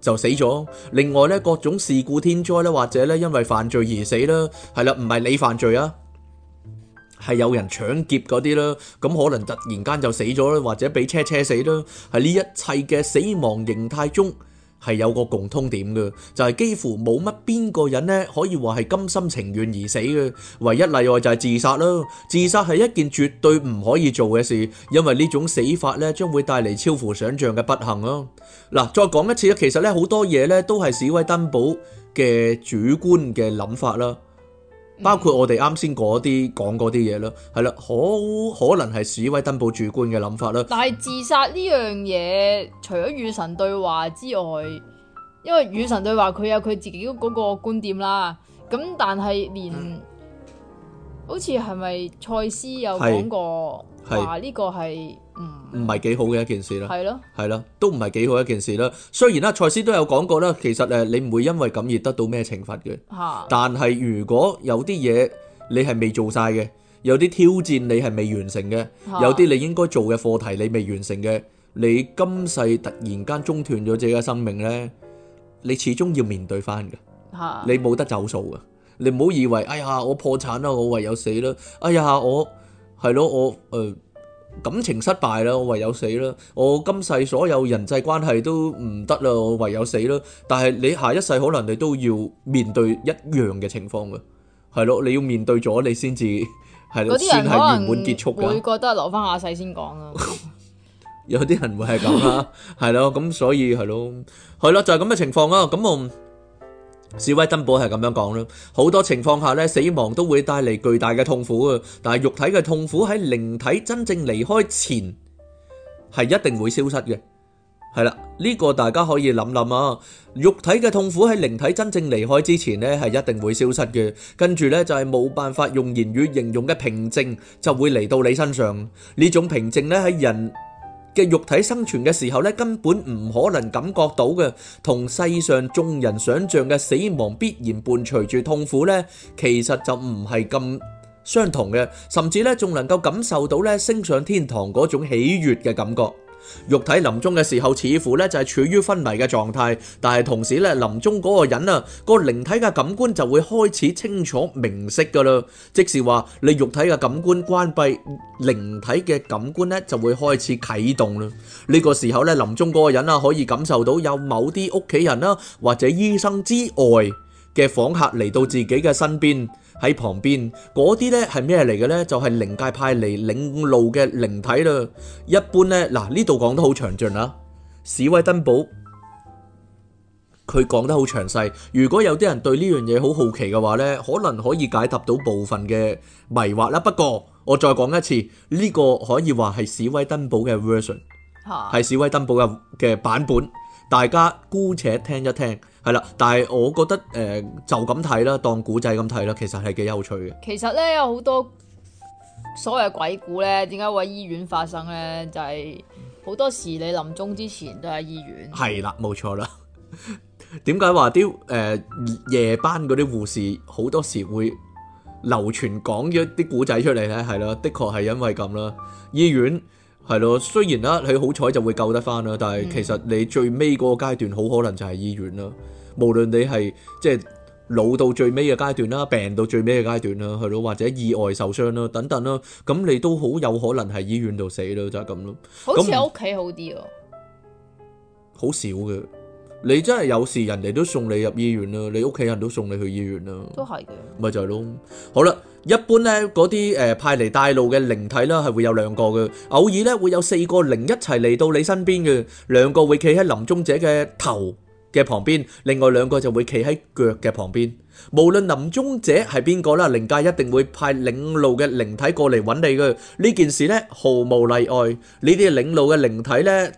就死咗。另外呢，各種事故天災呢，或者呢，因為犯罪而死啦，係啦，唔係你犯罪啊，係有人搶劫嗰啲啦，咁可能突然間就死咗啦，或者俾車車死啦。喺呢一切嘅死亡形態中。係有個共通點嘅，就係幾乎冇乜邊個人呢可以話係甘心情願而死嘅，唯一例外就係自殺咯。自殺係一件絕對唔可以做嘅事，因為呢種死法呢將會帶嚟超乎想象嘅不幸咯。嗱，再講一次，其實呢好多嘢呢都係史威登堡嘅主觀嘅諗法啦。嗯、包括我哋啱先啲講嗰啲嘢咯，係啦，可可能係史威登堡主觀嘅諗法啦。但係自殺呢樣嘢，除咗與神對話之外，因為與神對話佢有佢自己嗰個觀點啦。咁但係連、嗯、好似係咪蔡司有講過話呢是個係？唔唔係幾好嘅一件事啦，係咯，係咯，都唔係幾好一件事啦。雖然啦，蔡司都有講過啦，其實誒，你唔會因為咁而得到咩懲罰嘅，但係如果有啲嘢你係未做晒嘅，有啲挑戰你係未完成嘅，有啲你應該做嘅課題你未完成嘅，你今世突然間中斷咗自己嘅生命呢，你始終要面對翻嘅，你冇得走數嘅，你唔好以為哎呀我破產啦，我唯有死啦，哎呀我係咯我誒。感情失敗啦，我唯有死啦！我今世所有人際關係都唔得啦，我唯有死啦！但係你下一世可能你都要面對一樣嘅情況噶，係咯，你要面對咗你先至係咯，算係完滿結束噶。會覺得留翻下世先講啊！有啲人會係咁啦，係咯，咁所以係咯，係咯，就係咁嘅情況咯，咁我。史威登堡係咁樣講啦，好多情況下咧，死亡都會帶嚟巨大嘅痛苦啊。但係肉體嘅痛苦喺靈體真正離開前係一定會消失嘅，係啦。呢個大家可以諗諗啊。肉體嘅痛苦喺靈體真正離開之前咧係一定會消失嘅，跟住咧就係冇辦法用言語形容嘅平靜就會嚟到你身上，呢種平靜咧喺人嘅肉體生存嘅時候咧，根本唔可能感覺到嘅，同世上眾人想象嘅死亡必然伴隨住痛苦咧，其實就唔係咁相同嘅，甚至咧仲能夠感受到咧升上天堂嗰種喜悅嘅感覺。肉體臨終嘅時候，似乎咧就係處於昏迷嘅狀態，但係同時咧，臨終嗰個人啊，個靈體嘅感官就會開始清楚明晰噶啦，即是話你肉體嘅感官關閉，靈體嘅感官咧就會開始啟動啦。呢個時候咧，臨終嗰個人啊，可以感受到有某啲屋企人啦，或者醫生之外嘅訪客嚟到自己嘅身邊。喺旁邊嗰啲呢係咩嚟嘅呢？就係、是、靈界派嚟領路嘅靈體啦。一般呢，嗱呢度講得好詳盡啦。史威登堡佢講得好詳細。如果有啲人對呢樣嘢好好奇嘅話呢，可能可以解答到部分嘅迷惑啦。不過我再講一次，呢、這個可以話係史威登堡嘅 version，係、啊、史威登堡嘅嘅版本。大家姑且聽一聽。係啦，但係我覺得誒、呃、就咁睇啦，當古仔咁睇啦，其實係幾有趣嘅。其實咧有好多所謂嘅鬼故咧，點解會喺醫院發生咧？就係、是、好多時你臨終之前都喺醫院。係啦、嗯，冇錯啦。點解話啲誒夜班嗰啲護士好多時會流傳講咗啲古仔出嚟咧？係咯，的確係因為咁啦。醫院。係咯，雖然啦，佢好彩就會救得翻啦，但係其實你最尾嗰個階段好可能就係醫院啦。無論你係即係老到最尾嘅階段啦，病到最尾嘅階段啦，係咯，或者意外受傷啦，等等啦，咁你都好有可能喺醫院度死咯，就係咁咯。好似喺屋企好啲咯，好少嘅。你真係有時人哋都送你入醫院啦，你屋企人都送你去醫院啦，都係嘅。咪就係咯。好啦，一般咧嗰啲誒派嚟帶路嘅靈體咧，係會有兩個嘅。偶爾咧會有四個靈一齊嚟到你身邊嘅，兩個會企喺臨終者嘅頭嘅旁邊，另外兩個就會企喺腳嘅旁邊。無論臨終者係邊個啦，靈界一定會派領路嘅靈體過嚟揾你嘅。呢件事咧毫無例外，呢啲領路嘅靈體咧。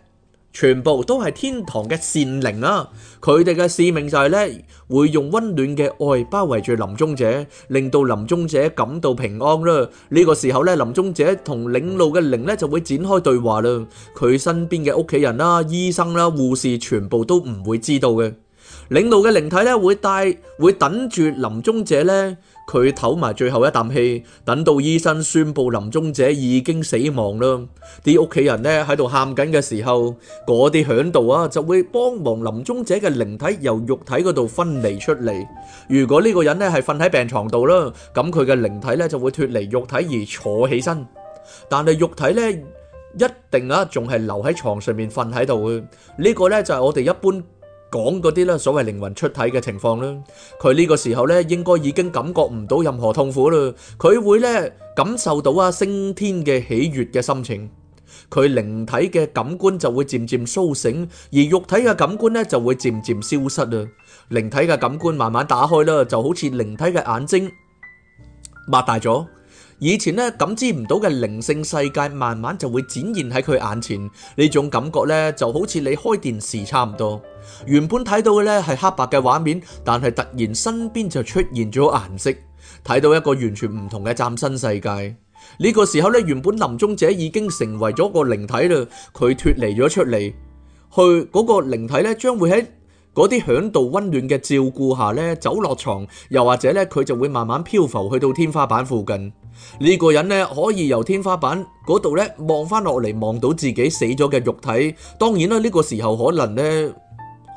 全部都係天堂嘅善靈啊！佢哋嘅使命就係咧，會用温暖嘅愛包圍住臨終者，令到臨終者感到平安啦。呢個時候咧，臨終者同領路嘅靈咧，就會展開對話啦。佢身邊嘅屋企人啦、啊、醫生啦、啊、護士全部都唔會知道嘅。領路嘅靈體咧，會帶會等住臨終者咧。佢唞埋最後一啖氣，等到醫生宣布臨終者已經死亡啦。啲屋企人咧，喺度喊緊嘅時候，嗰啲響度啊就會幫忙臨終者嘅靈體由肉體嗰度分離出嚟。如果呢個人咧係瞓喺病牀度啦，咁佢嘅靈體咧就會脱離肉體而坐起身，但係肉體咧一定啊仲係留喺牀上面瞓喺度嘅。呢個咧就係我哋一般講嗰啲咧，所謂靈魂出體嘅情況咧，佢呢個時候咧應該已經感覺唔到任何痛苦啦，佢會咧感受到啊升天嘅喜悅嘅心情，佢靈體嘅感官就會漸漸甦醒，而肉體嘅感官咧就會漸漸消失啊，靈體嘅感官慢慢打開啦，就好似靈體嘅眼睛擘大咗。以前咧感知唔到嘅靈性世界，慢慢就會展現喺佢眼前。呢種感覺咧，就好似你開電視差唔多。原本睇到嘅咧係黑白嘅畫面，但係突然身邊就出現咗顏色，睇到一個完全唔同嘅嶄新世界。呢個時候咧，原本臨終者已經成為咗個靈體啦，佢脫離咗出嚟，佢嗰個靈體咧將會喺嗰啲響度溫暖嘅照顧下咧走落床，又或者咧佢就會慢慢漂浮去到天花板附近。呢個人咧可以由天花板嗰度咧望翻落嚟，望到自己死咗嘅肉體，當然啦，呢個時候可能咧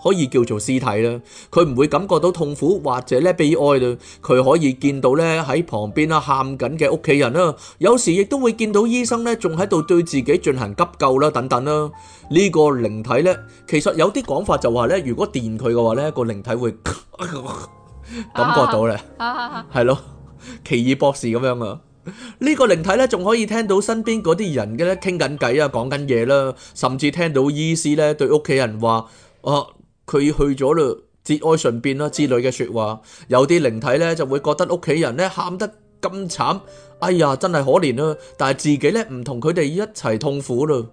可以叫做屍體啦。佢唔會感覺到痛苦或者咧悲哀啦。佢可以見到咧喺旁邊啦喊緊嘅屋企人啦，有時亦都會見到醫生咧仲喺度對自己進行急救啦等等啦。呢個靈體咧，其實有啲講法就話咧，如果電佢嘅話咧，個靈體會感覺到咧，係咯，奇異博士咁樣啊。呢個靈體咧，仲可以聽到身邊嗰啲人嘅咧傾緊偈啊，講緊嘢啦，甚至聽到醫師咧對屋企人話：哦、啊，佢去咗咯，節哀順變啦之類嘅說話。有啲靈體咧就會覺得屋企人咧喊得咁慘，哎呀，真係可憐啦。但係自己咧唔同佢哋一齊痛苦咯。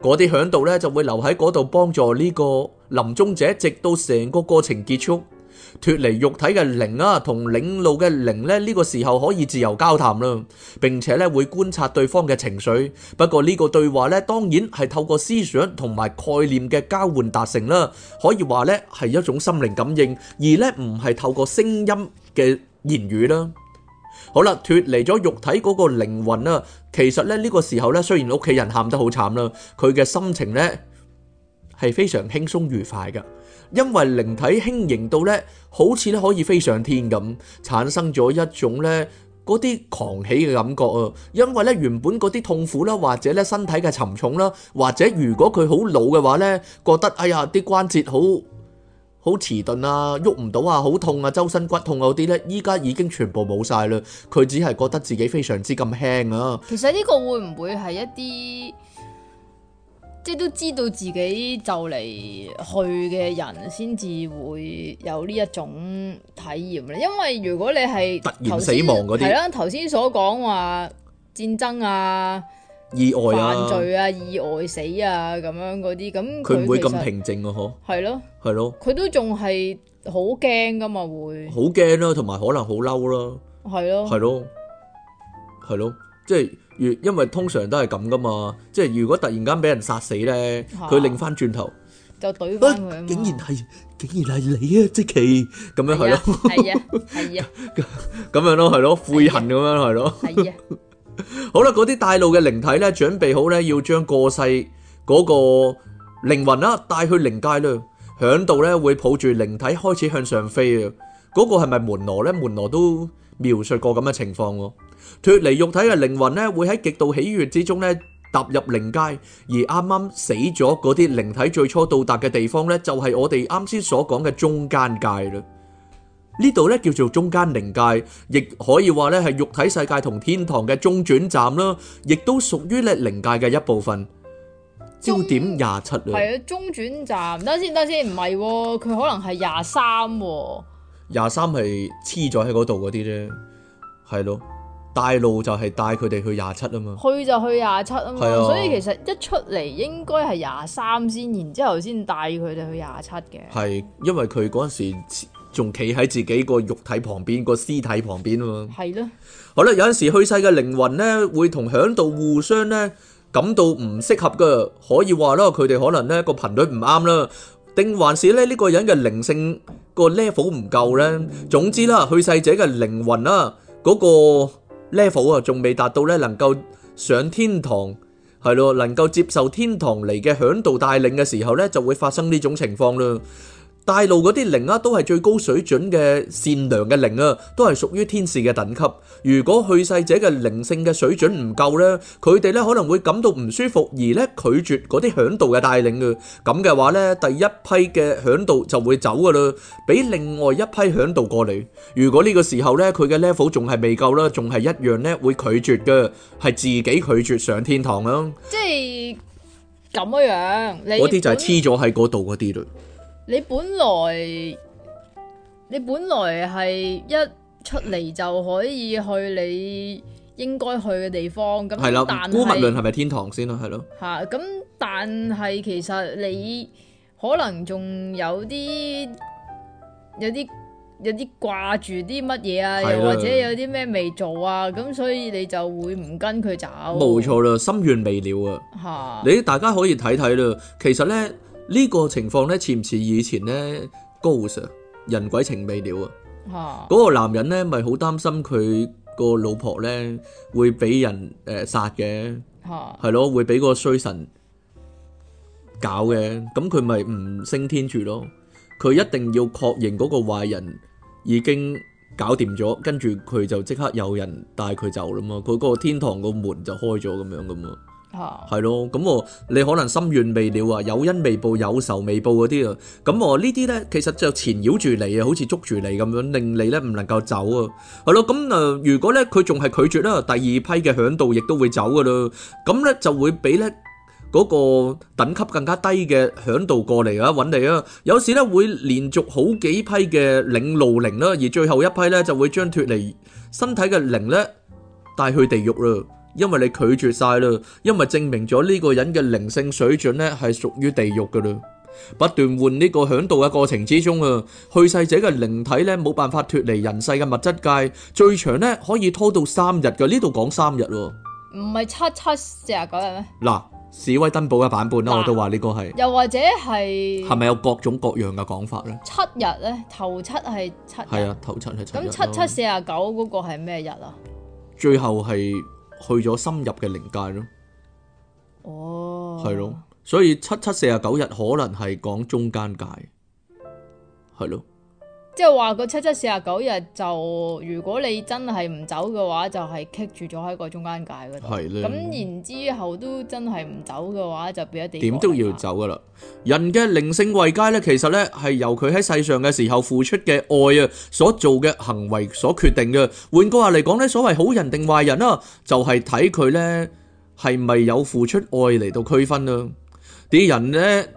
嗰啲響度咧就會留喺嗰度幫助呢個臨終者，直到成個過程結束。脫離肉體嘅靈啊，同領路嘅靈呢，呢個時候可以自由交談啦，並且呢會觀察對方嘅情緒。不過呢個對話呢，當然係透過思想同埋概念嘅交換達成啦，可以話呢係一種心靈感應，而呢唔係透過聲音嘅言語啦。好啦，脫離咗肉體嗰個靈魂啦，其實呢，呢個時候呢，雖然屋企人喊得好慘啦，佢嘅心情呢係非常輕鬆愉快㗎。因為靈體輕盈到呢，好似咧可以飛上天咁，產生咗一種呢嗰啲狂喜嘅感覺啊！因為呢原本嗰啲痛苦啦，或者呢身體嘅沉重啦，或者如果佢好老嘅話呢，覺得哎呀啲關節好好遲鈍啊，喐唔到啊，好痛啊，周身骨痛嗰啲呢，依家已經全部冇晒啦。佢只係覺得自己非常之咁輕啊。其實呢個會唔會係一啲？即係都知道自己就嚟去嘅人先至會有呢一種體驗啦，因為如果你係突然死亡嗰啲，係啦，頭先所講話戰爭啊、意外啊、犯罪啊、意外死啊咁樣嗰啲，咁佢唔會咁平靜嘅呵，係咯，係咯，佢都仲係好驚㗎嘛，會，好驚咯，同埋可能好嬲咯，係咯，係咯，係咯。即係，如因為通常都係咁㗎嘛，即係如果突然間俾人殺死咧，佢擰翻轉頭就懟翻佢。竟然係，竟然係你啊，即奇咁樣係咯。係啊，係啊，咁樣咯，係咯，悔恨咁樣係咯。係啊。好啦，嗰啲大路嘅靈體咧，準備好咧，要將過世嗰個靈魂啦帶去靈界啦，響度咧會抱住靈體開始向上飛啊。嗰個係咪門羅咧？門羅都描述過咁嘅情況喎。脫離肉體嘅靈魂咧，會喺極度喜悅之中咧踏入靈界，而啱啱死咗嗰啲靈體最初到達嘅地方咧，就係我哋啱先所講嘅中間界啦。呢度咧叫做中間靈界，亦可以話咧係肉體世界同天堂嘅中轉站啦，亦都屬於咧靈界嘅一部分。焦點廿七係啊，中轉站，唔得先，唔得先，唔係，佢可能係廿三喎，廿三係黐咗喺嗰度嗰啲啫，係咯。帶路就係帶佢哋去廿七啊嘛，去就去廿七啊嘛，啊所以其實一出嚟應該係廿三先，然之後先帶佢哋去廿七嘅。係因為佢嗰陣時仲企喺自己個肉體旁邊個屍體旁邊啊嘛。係咯的，好啦，有陣時去世嘅靈魂咧，會同響度互相咧感到唔適合嘅，可以話咯，佢哋可能咧、這個頻率唔啱啦，定還是咧呢、這個人嘅靈性、這個 level 唔夠咧。總之啦，去世者嘅靈魂啦、啊、嗰、那個。level 啊，仲未達到咧，能夠上天堂，係咯，能夠接受天堂嚟嘅嚮導帶領嘅時候咧，就會發生呢種情況咯。大陸嗰啲靈啊，都係最高水準嘅善良嘅靈啊，都係屬於天使嘅等級。如果去世者嘅靈性嘅水準唔夠咧，佢哋咧可能會感到唔舒服而咧拒絕嗰啲嚮導嘅帶領嘅。咁嘅話咧，第一批嘅嚮導就會走噶啦，俾另外一批嚮導過嚟。如果呢個時候咧佢嘅 level 仲係未夠啦，仲係一樣咧會拒絕嘅，係自己拒絕上天堂咯。即係咁樣，嗰啲就係黐咗喺嗰度嗰啲咯。你本來你本來係一出嚟就可以去你應該去嘅地方咁，係啦。孤物輪係咪天堂先啊？係咯。吓，咁但係其實你可能仲有啲有啲有啲掛住啲乜嘢啊？又或者有啲咩未做啊？咁所以你就會唔跟佢走。冇錯啦，心願未了啊！吓，你大家可以睇睇啦。其實咧。呢個情況咧似唔似以前咧？高 Sir 人鬼情未了啊！嗰個男人咧咪好擔心佢個老婆咧會俾人誒殺嘅，係、呃、咯、啊、會俾個衰神搞嘅。咁佢咪唔升天住咯？佢一定要確認嗰個壞人已經搞掂咗，跟住佢就即刻有人帶佢走啦嘛。佢個天堂個門就開咗咁樣咁啊！係咯，咁我你可能心願未了啊，有恩未報，有仇未報嗰啲啊，咁我呢啲咧，其實就纏繞住你啊，好似捉住你咁樣，令你咧唔能夠走啊。係咯，咁誒，如果咧佢仲係拒絕啦，第二批嘅嚮導亦都會走㗎喇，咁咧就會俾咧嗰個等級更加低嘅嚮導過嚟啊，揾你啊。有時咧會連續好幾批嘅領路靈啦，而最後一批咧就會將脫離身體嘅靈咧帶去地獄啦。因為你拒絕晒啦，因為證明咗呢個人嘅靈性水準咧係屬於地獄噶啦。不斷換呢個響度嘅過程之中啊，去世者嘅靈體咧冇辦法脫離人世嘅物質界，最長咧可以拖到三日嘅。呢度講三日喎。唔係七七四十九日咩？嗱，史威登堡嘅版本啦，我都話呢個係。又或者係係咪有各種各樣嘅講法咧？七日咧，頭七係七日。係啊，頭七係七日。咁七七四十九嗰個係咩日啊？最後係。去咗深入嘅靈界咯，哦，係咯，所以七七四十九日可能係講中間界，係咯。即係話個七七四十九日就，如果你真係唔走嘅話，就係、是、棘住咗喺個中間界嗰度。係咁的然之後都真係唔走嘅話，就變咗點都要走噶啦。人嘅靈性位佳咧，其實咧係由佢喺世上嘅時候付出嘅愛啊，所做嘅行為所決定嘅。換句話嚟講咧，所謂好人定壞人啊，就係睇佢咧係咪有付出愛嚟到區分啦。啲人咧，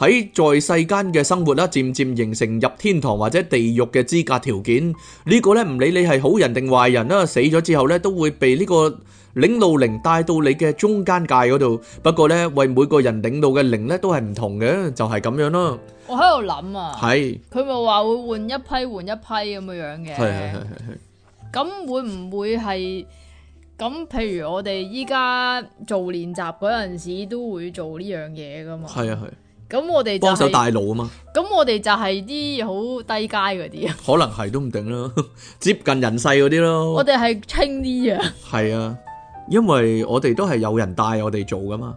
喺在世間嘅生活啦，漸漸形成入天堂或者地獄嘅資格條件。呢個咧唔理你係好人定壞人啦，死咗之後咧都會被呢個領路靈帶到你嘅中間界嗰度。不過咧，為每個人領路嘅靈咧都係唔同嘅，就係咁樣咯。我喺度諗啊，係佢咪話會換一批換一批咁樣樣嘅，係係係係係。咁會唔會係咁？譬如我哋依家做練習嗰陣時都會做呢樣嘢噶嘛？係啊係。咁我哋幫、就係、手帶路啊嘛，咁我哋就係啲好低階嗰啲啊， 可能係都唔定啦， 接近人世嗰啲咯。 我哋係清啲啊，係 啊，因為我哋都係有人帶我哋做噶嘛，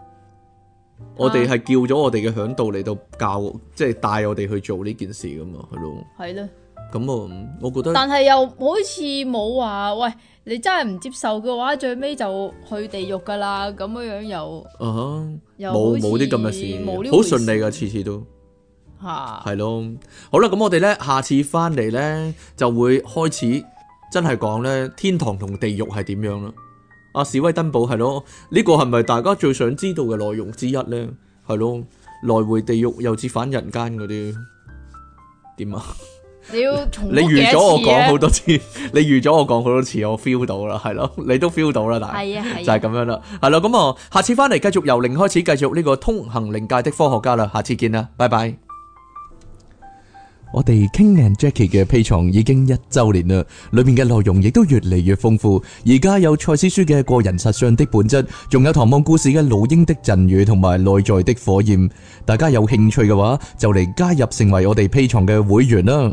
啊、我哋係叫咗我哋嘅響度嚟到教，即係帶我哋去做呢件事噶嘛，係咯。係咯。咁啊、嗯，我覺得，但係又好似冇話喂，你真係唔接受嘅話，最尾就去地獄噶啦，咁樣樣又冇冇啲咁嘅事，好順利噶，次次都吓係、啊、咯，好啦，咁我哋咧下次翻嚟咧就會開始真係講咧天堂同地獄係點樣啦。阿、啊、史威登堡係咯，呢、這個係咪大家最想知道嘅內容之一咧？係咯，來回地獄又至返人間嗰啲點啊？你要重你預咗我講好多次 你預咗我講好多次，我 feel 到啦，係咯，你都 feel 到啦，但係的就係咁樣啦，係咯，咁啊，下次翻嚟繼續由零開始，繼續呢個通行靈界的科學家啦，下次見啦，拜拜。我哋 King and Jackie 嘅 Patreon 已經一周年啦，裏面嘅內容亦都越嚟越豐富，而家有賽斯書嘅個人實相的本質，仲有唐望故事嘅老鷹的贈予同埋內在的火焰，大家有興趣嘅話，就嚟加入成為我哋 Patreon 嘅會員啦。